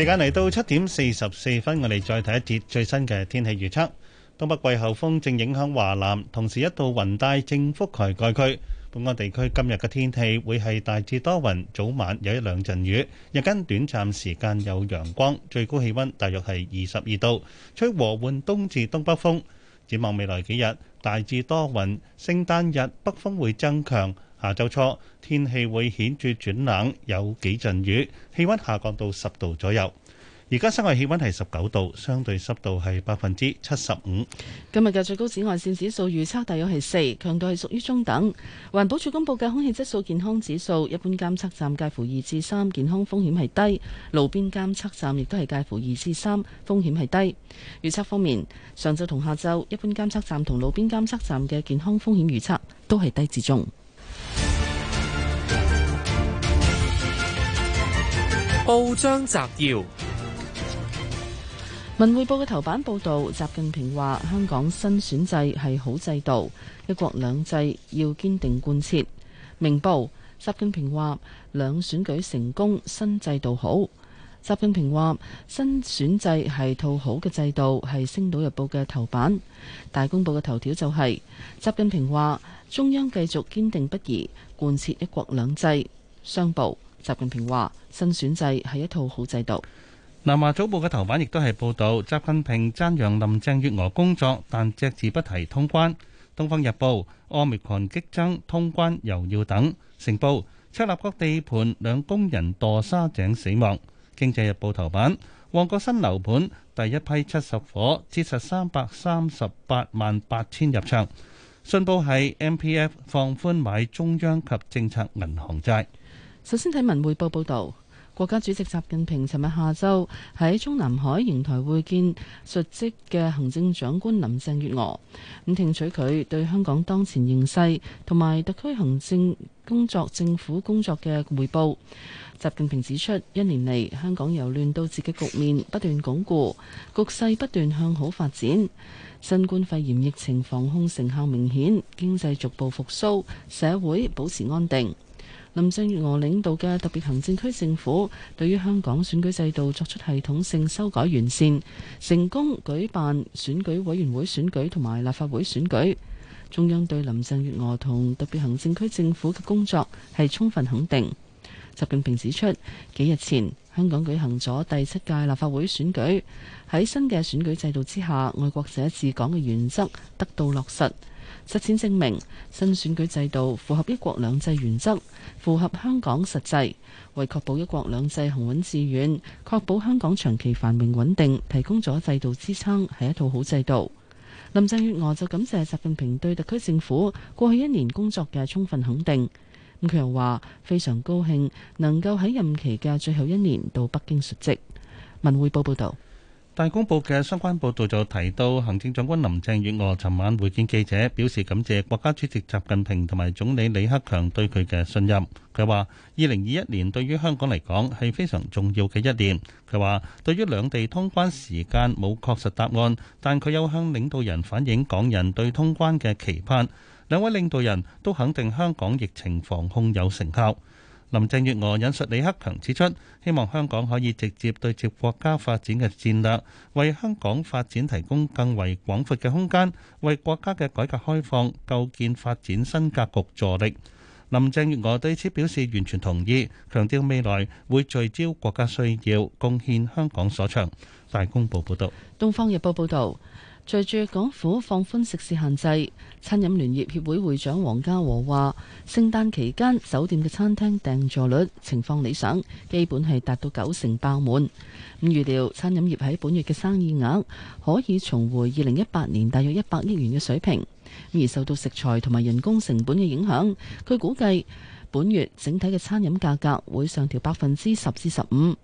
時間嚟到七點四十四分，我哋再睇一節最新嘅天氣預測。東北季候風正影響華南，同時一道雲帶正覆蓋該區。本港地區今日嘅天氣會係大致多雲，早晚有一兩陣雨，日間短暫時間有陽光，最高氣温大約係二十二度，吹和緩東至東北風。展望未來幾日，大致多雲，聖誕日北風會增強。下週初天氣會顯著轉冷，有幾陣雨，氣温下降到十度左右。而家室外氣溫係十九度，相對濕度係百分之七十五。今日嘅最高紫外線指數預測大約係四，強度係屬於中等。環保署公佈嘅空氣質素健康指數，一般監測站介乎二至三，健康風險係低；路邊監測站亦都係介乎二至三，風險係低。預測方面，上晝同下晝一般監測站同路邊監測站嘅健康風險預測都係低至中。報章摘要：《文匯報》嘅頭版報道，習近平話香港新選制係好制度，一國兩制要堅定貫徹。明報：習近平話兩選舉成功，新制度好。習近平話新選制係套好嘅制度，係《星島日報》嘅頭版。《大公報》嘅頭條就係習近平話中央繼續堅定不移貫徹一國兩制。商報。習近平話新選制係一套好制度。南華早報嘅頭版亦都係報道習近平讚揚林鄭月娥工作，但隻字不提通關。東方日報，Omicron 激增，通關又要等。成報，荔枝角地盤兩工人墮沙井死亡。經濟日報頭版，旺角新樓盤第一批七十伙，折實三百三十八萬八千入場。信報，喺 M P F 放寬買中央及政策銀行債。首先睇文匯報報道，國家主席習近平尋日下晝喺中南海瀛台會見述職嘅行政長官林鄭月娥，咁聽取佢對香港當前形勢同埋特區行政工作、政府工作嘅匯報。習近平指出，一年嚟香港由亂到治嘅局面不斷鞏固，局勢不斷向好發展，新冠肺炎疫情防控成效明顯，經濟逐步復甦，社會保持安定。林鄭月娥領導嘅特別行政區政府對於香港選舉制度作出系統性修改完善，成功舉辦選舉委員會選舉同埋立法會選舉。中央對林鄭月娥同特別行政區政府嘅工作係充分肯定。習近平指出，幾日前香港舉行咗第七屆立法會選舉，喺新嘅選舉制度之下，愛國者治港嘅原則得到落實。實踐證明新選舉制度符合一國兩制原則，符合香港實際，為確保一國兩制行穩致遠，確保香港長期繁榮穩定，提供咗制度支撐，係一套好制度。林鄭月娥就感謝習近平對特區政府過去一年工作嘅充分肯定。咁佢又話非常高興能夠喺任期嘅最後一年到北京述職。文匯報報導。大公報嘅相關報導就提到，行政長官林鄭月娥尋晚會見記者，表示感謝國家主席習近平同埋總理李克強對佢嘅信任。佢話：二零二一年對於香港嚟講係非常重要嘅一年。佢話：對於兩地通關時間冇確實答案，但佢有向領導人反映港人對通關嘅期盼。兩位領導人都肯定香港疫情防控有成效。林鄭月娥引述李克強指出，希望香港可以直接對接國家發展嘅戰略，為香港發展提供更為廣闊嘅空間，為國家嘅改革開放構建發展新格局助力。林鄭月娥對此表示完全同意，強調未來會聚焦國家需要，貢獻香港所長。大公報報道，東方日報報道。隨住港府放寬食肆限制，餐飲聯業協會會長黃家和話：聖誕期間酒店嘅餐廳訂座率情況理想，基本係達到九成爆滿。咁預料餐飲業喺本月嘅生意額可以重回二零一八年大約一百億元嘅水平。而受到食材同埋人工成本嘅影響，佢估計本月整體嘅餐飲價格會上調百分之十至十五。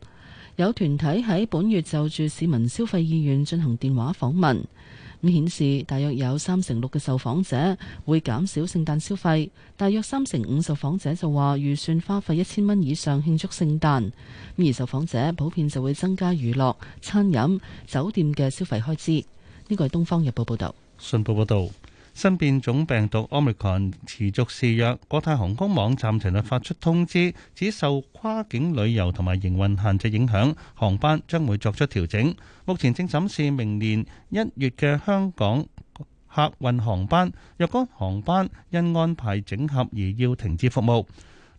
有團體喺本月就住市民消費意願進行電話訪問。顯示大約有三成六嘅受訪者會減少聖誕消費，大約三成五受訪者就話預算花費一千蚊以上慶祝聖誕。而受訪者普遍就會增加娛樂、餐飲、酒店嘅消費開支。呢個係東方日報報道。信報報道。新變種病毒 Omicron 持續肆虐，國泰航空網站昨日發出通知，指受跨境旅遊同埋營運限制影響，航班將會作出調整。目前正審視明年一月嘅香港客運航班，若干航班因安排整合而要停止服務。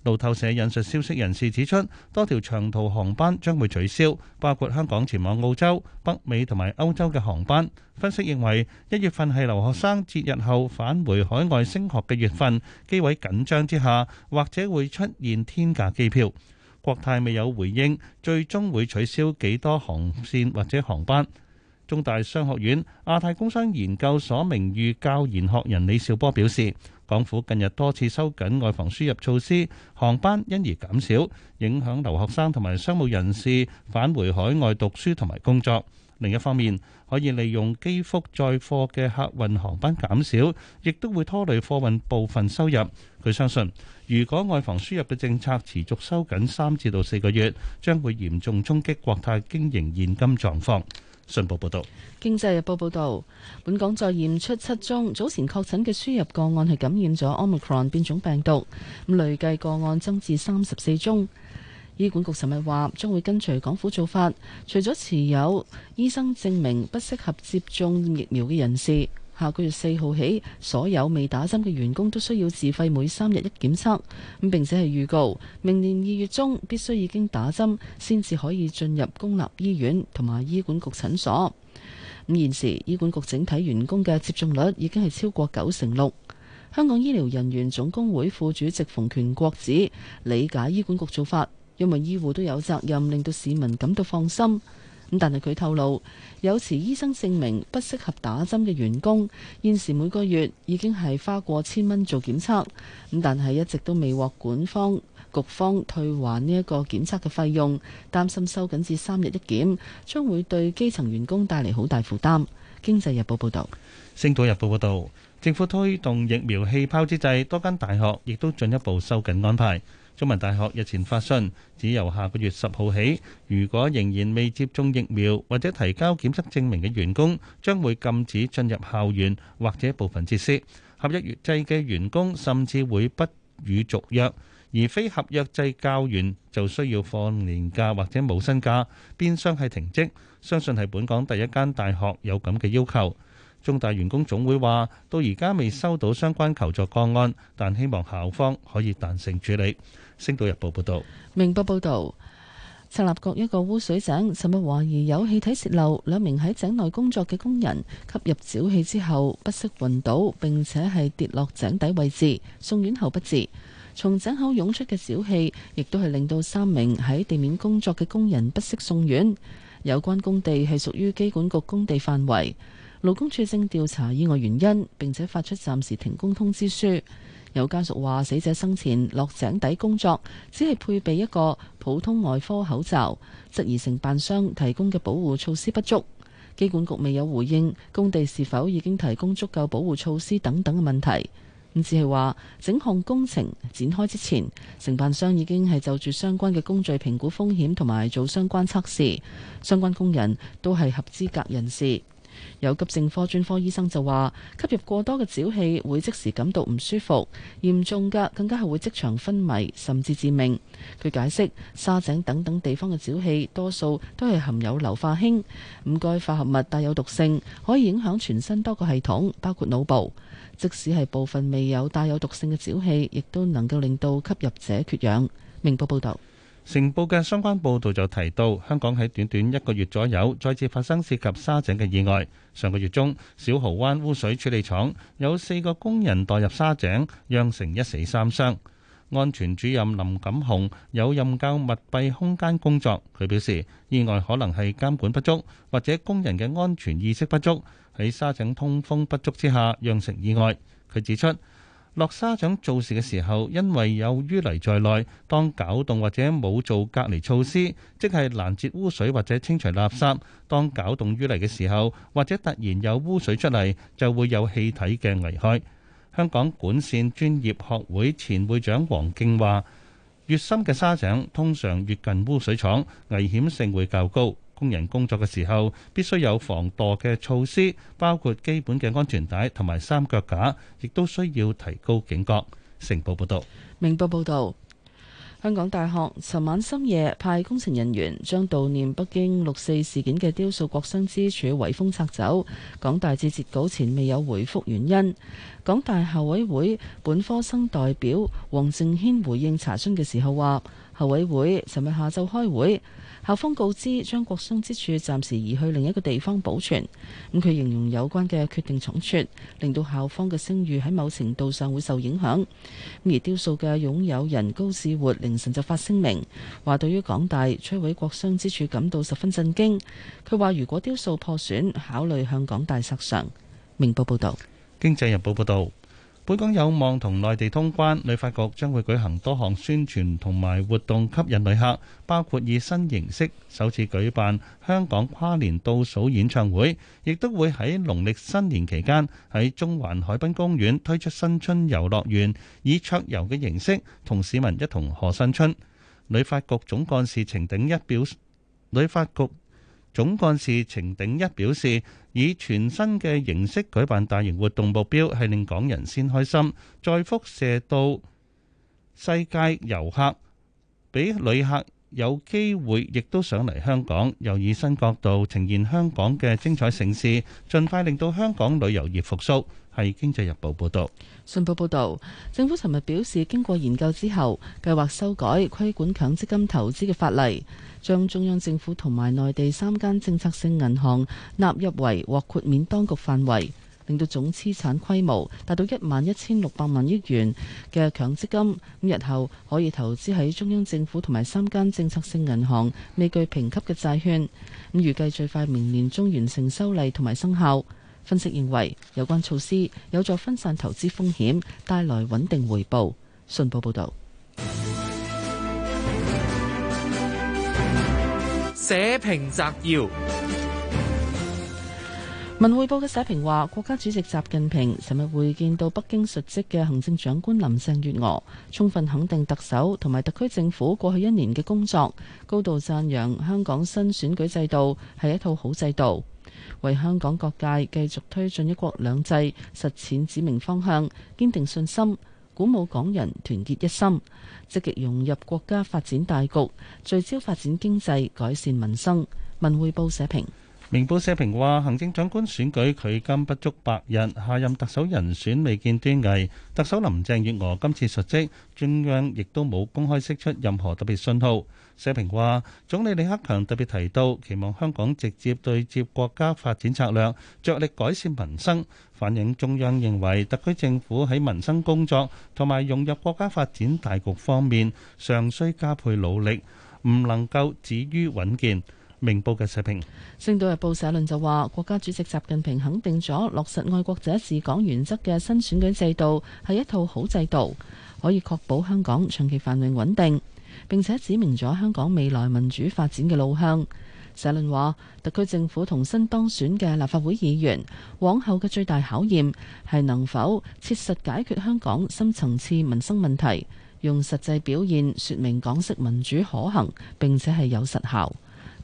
路透社引述消息人士指出，多條長途航班將會取消，包括香港前往澳洲、北美同埋歐洲嘅航班。分析認為，一月份係留學生節日後返回海外升學嘅月份，機位緊張之下，或者會出現天價機票。國泰未有回應，最終會取消幾多航線或者航班。中大商學院亞太工商研究所名譽教研學人李兆波表示，港府近日多次收緊外防輸入措施，航班因而減少，影響留學生同埋商務人士返回海外讀書同埋工作。另一方面，可以利用機腹載貨嘅客運航班減少，亦都會拖累貨運部分收入。佢相信，如果外防輸入嘅政策持續收緊三至到四個月，將會嚴重衝擊國泰經營現金狀況。信報報道，《經濟日報》報道，本港再驗出七宗早前確診嘅輸入個案係感染咗 Omicron 變種病毒，咁累計個案增至三十四宗。醫管局尋日話，將會跟隨港府做法，除咗持有醫生證明不適合接種疫苗嘅人士。下個月四號起，所有未打針嘅員工都需要自費每三日一檢測，咁並且係預告明年二月中必須已經打針，先至可以進入公立醫院同埋醫管局診所。咁現時醫管局整體員工嘅接種率已經係超過九成六。香港醫療人員總工會副主席馮權國指理解醫管局做法，因為醫護都有責任令到市民感到放心。但係佢透露，有持醫生證明，不適合打針嘅員工，現時每個月已經係花過千蚊做檢測，咁但係一直都未獲管方局方退還呢一個檢測嘅費用，擔心收緊至三日一檢，將會對基層員工帶嚟好大負擔。經濟日報報道：星島日報報道，政府推動疫苗氣泡之際，多間大學亦都進一步收緊安排。中文大學日前發信，指由下個月十號起，如果仍然未接種疫苗或者提交檢測證明嘅員工，將會禁止進入校園或者部分設施。合約制嘅員工甚至會不予續約，而非合約制教員就需要放年假或者冇薪假，變相係停職。相信係本港第一間大學有咁嘅要求。中大員工總會話：到而家未收到相關求助個案，但希望校方可以彈性處理。星島日報報道，明報報道，赤鱲角一個污水井，尋日懷疑有氣體洩漏，兩名喺井內工作嘅工人吸入沼氣之後不適暈倒，並且係跌落井底位置，送院後不治。從井口湧出嘅沼氣，亦都係令到三名喺地面工作嘅工人不適送院。有關工地係屬於機管局工地範圍，勞工處正調查意外原因，並且發出暫時停工通知書。有家屬話，死者生前落井底工作，只係配備一個普通外科口罩，質疑承辦商提供嘅保護措施不足。機管局未有回應工地是否已經提供足夠保護措施等等嘅問題。咁只係話，整項工程展開之前，承辦商已經係就住相關嘅工序評估風險同埋做相關測試，相關工人都係合資格人士。有急症科專科醫生就話，吸入過多嘅沼氣會即時感到唔舒服，嚴重嘅更加係會即場昏迷甚至致命。佢解釋，沙井等等地方嘅沼氣多數都係含有硫化氫，唔該化合物帶有毒性，可以影響全身多個系統，包括腦部。即使係部分未有帶有毒性嘅沼氣，亦都能夠令到吸入者缺氧。明報報道。成報嘅相關報導就提到，香港喺短短一個月左右，再次發生涉及沙井嘅意外。上個月中，小蠔灣污水處理廠有四個工人墮入沙井，釀成一死三傷。安全主任林錦雄有任教密閉空間工作，佢表示意外可能係監管不足，或者工人嘅安全意識不足，喺沙井通風不足之下釀成意外。佢指出，落沙井做事嘅時候，因為有淤泥在內，當攪動或者冇做隔離措施，即係攔截污水或者清除垃圾，當攪動淤泥嘅時候，或者突然有污水出嚟，就會有氣體嘅危害。香港管綫專業學會前會長黃敬話，越深嘅沙井，通常越近污水廠，危險性會較高。工人工作嘅時候必須有防墮嘅措施，包括基本嘅安全帶同埋三腳架，亦都需要提高警覺。成報報道：「明報報道，香港大學尋晚深夜派工程人員將悼念北京六四事件嘅雕塑國殤之柱圍封拆走。港大至截稿前未有回覆原因。港大校委會本科生代表黃正軒回應查詢嘅時候話：校委會尋日下晝開會。校方告知將國殤之柱暫時移去另一個地方保存。咁佢形容有關嘅決定重挫，令到校方嘅聲譽喺某程度上會受影響。而雕塑嘅擁有人高志活凌晨就發聲明，話對於港大摧毀國殤之柱感到十分震驚。佢話如果雕塑破損，考慮向港大索償。明報報道，經濟日報報道。本港有望同內地通關，旅發局將會舉行多項宣傳同埋活動，吸引旅客，包括以新形式首次舉辦香港跨年倒數演唱會，亦都會喺農曆新年期間喺中環海濱公園推出新春遊樂園，以桌遊嘅形式同市民一同賀新春。旅發局總幹事程鼎一表示，旅發局。總幹事程鼎一表示，以全新嘅形式舉辦大型活動，目標係令港人先開心，再輻射到世界遊客，俾旅客有機會亦都想嚟香港，又以新角度呈現香港嘅精彩盛事，盡快令到香港旅遊業復蘇。係《經濟日報》報道。信報報道，政府尋日表示，經過研究之後，計劃修改規管強積金投資嘅法例。將中央政府同埋內地三間政策性銀行納入為獲豁免當局範圍，令到總資產規模達到一萬一千六百萬億元嘅強積金，咁日後可以投資喺中央政府同埋三間政策性銀行未具評級嘅債券。咁預計最快明年中完成修例同埋生效。分析認為，有關措施有助分散投資風險，帶來穩定回報。信報報導。社評摘要：文匯報嘅社評話，國家主席習近平尋日會見到北京述職嘅行政長官林鄭月娥，充分肯定特首同埋特區政府過去一年嘅工作，高度讚揚香港新選舉制度係一套好制度，為香港各界繼續推進一國兩制實踐指明方向，堅定信心。鼓舞港人團結一心，積極融入國家發展大局，聚焦發展經濟、改善民生。文匯報社評。明報社評話，行政長官選舉距今不足百日，下任特首人選未見端倪。特首林鄭月娥今次述職，中央亦都冇公開釋出任何特別信號。社評話，總理李克強特別提到，期望香港直接對接國家發展策略，着力改善民生。反映中央認為特區政府喺民生工作同埋融入國家發展大局方面，尚需加倍努力，唔能夠止於穩健。明報嘅社評，《星島日報》社論就話，國家主席習近平肯定咗落實愛國者治港原則嘅新選舉制度係一套好制度，可以確保香港長期繁榮穩定，並且指明咗香港未來民主發展嘅路向。社論話，特區政府同新當選嘅立法會議員往後嘅最大考驗係能否切實解決香港深層次民生問題，用實際表現說明港式民主可行，並且係有實效。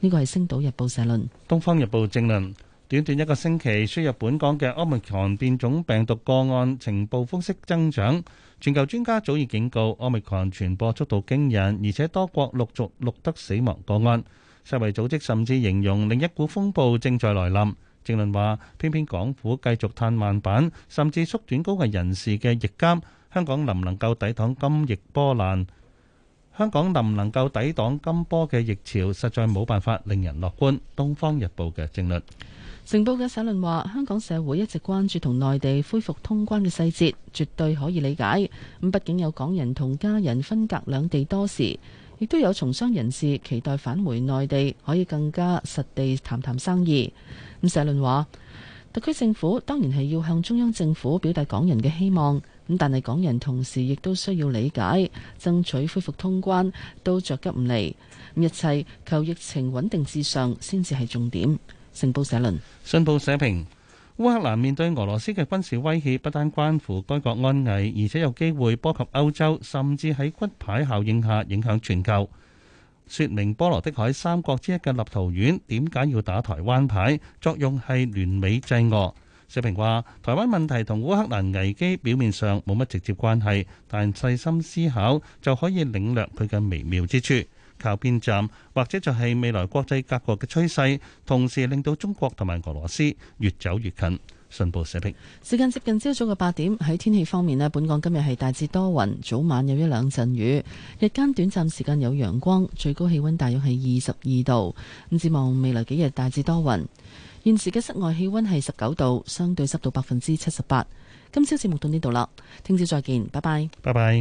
呢個係《星島日報》社論，《東方日報》正論。短短一個星期，輸入本港嘅奧密克戎變種病毒個案呈暴風式增長。全球專家早已警告，奧密克戎傳播速度驚人，而且多國陸續錄得死亡個案。世衛組織甚至形容另一股風暴正在來臨。正論話，偏偏港府繼續嘆慢板，甚至縮短高危人士嘅疫監。香港能唔能夠抵擋今疫波瀾？香港能唔能夠抵擋今波嘅疫潮，實在冇辦法令人樂觀。東方日報嘅正論，成報嘅社論話，香港社會一直關注同內地恢復通關嘅細節絕對可以理解。咁畢竟有港人同家人分隔兩地多時，亦都有從商人士期待返回內地，可以更加實地談談生意。咁社論話，特區政府當然，係要向中央政府表達港人嘅希望。咁但係港人同時亦都需要理解，爭取恢復通關都着急唔嚟，咁一切求疫情穩定至上，先至係重點。成報社論，信報社評：烏克蘭面對俄羅斯嘅軍事威脅，不單關乎該國安危，而且有機會波及歐洲，甚至喺骨牌效應下影響全球。説明波羅的海三國之一嘅立陶宛點解要打台灣牌，作用係聯美制俄。社評話，台灣問題同烏克蘭危機表面上冇乜直接關係，但細心思考就可以領略佢嘅微妙之處。靠邊站，或者就係未來國際格局嘅趨勢，同時令到中國同埋俄羅斯越走越近。信報社評。時間接近朝早嘅八點，喺天氣方面咧，本港今日係大致多雲，早晚有一兩陣雨，日間短暫時間有陽光，最高氣溫大約係二十二度。咁展望未來幾日，大致多雲。現時嘅室外氣溫係十九度，相對濕度百分之七十八。今朝節目到呢度啦，聽朝再見，拜拜，拜拜。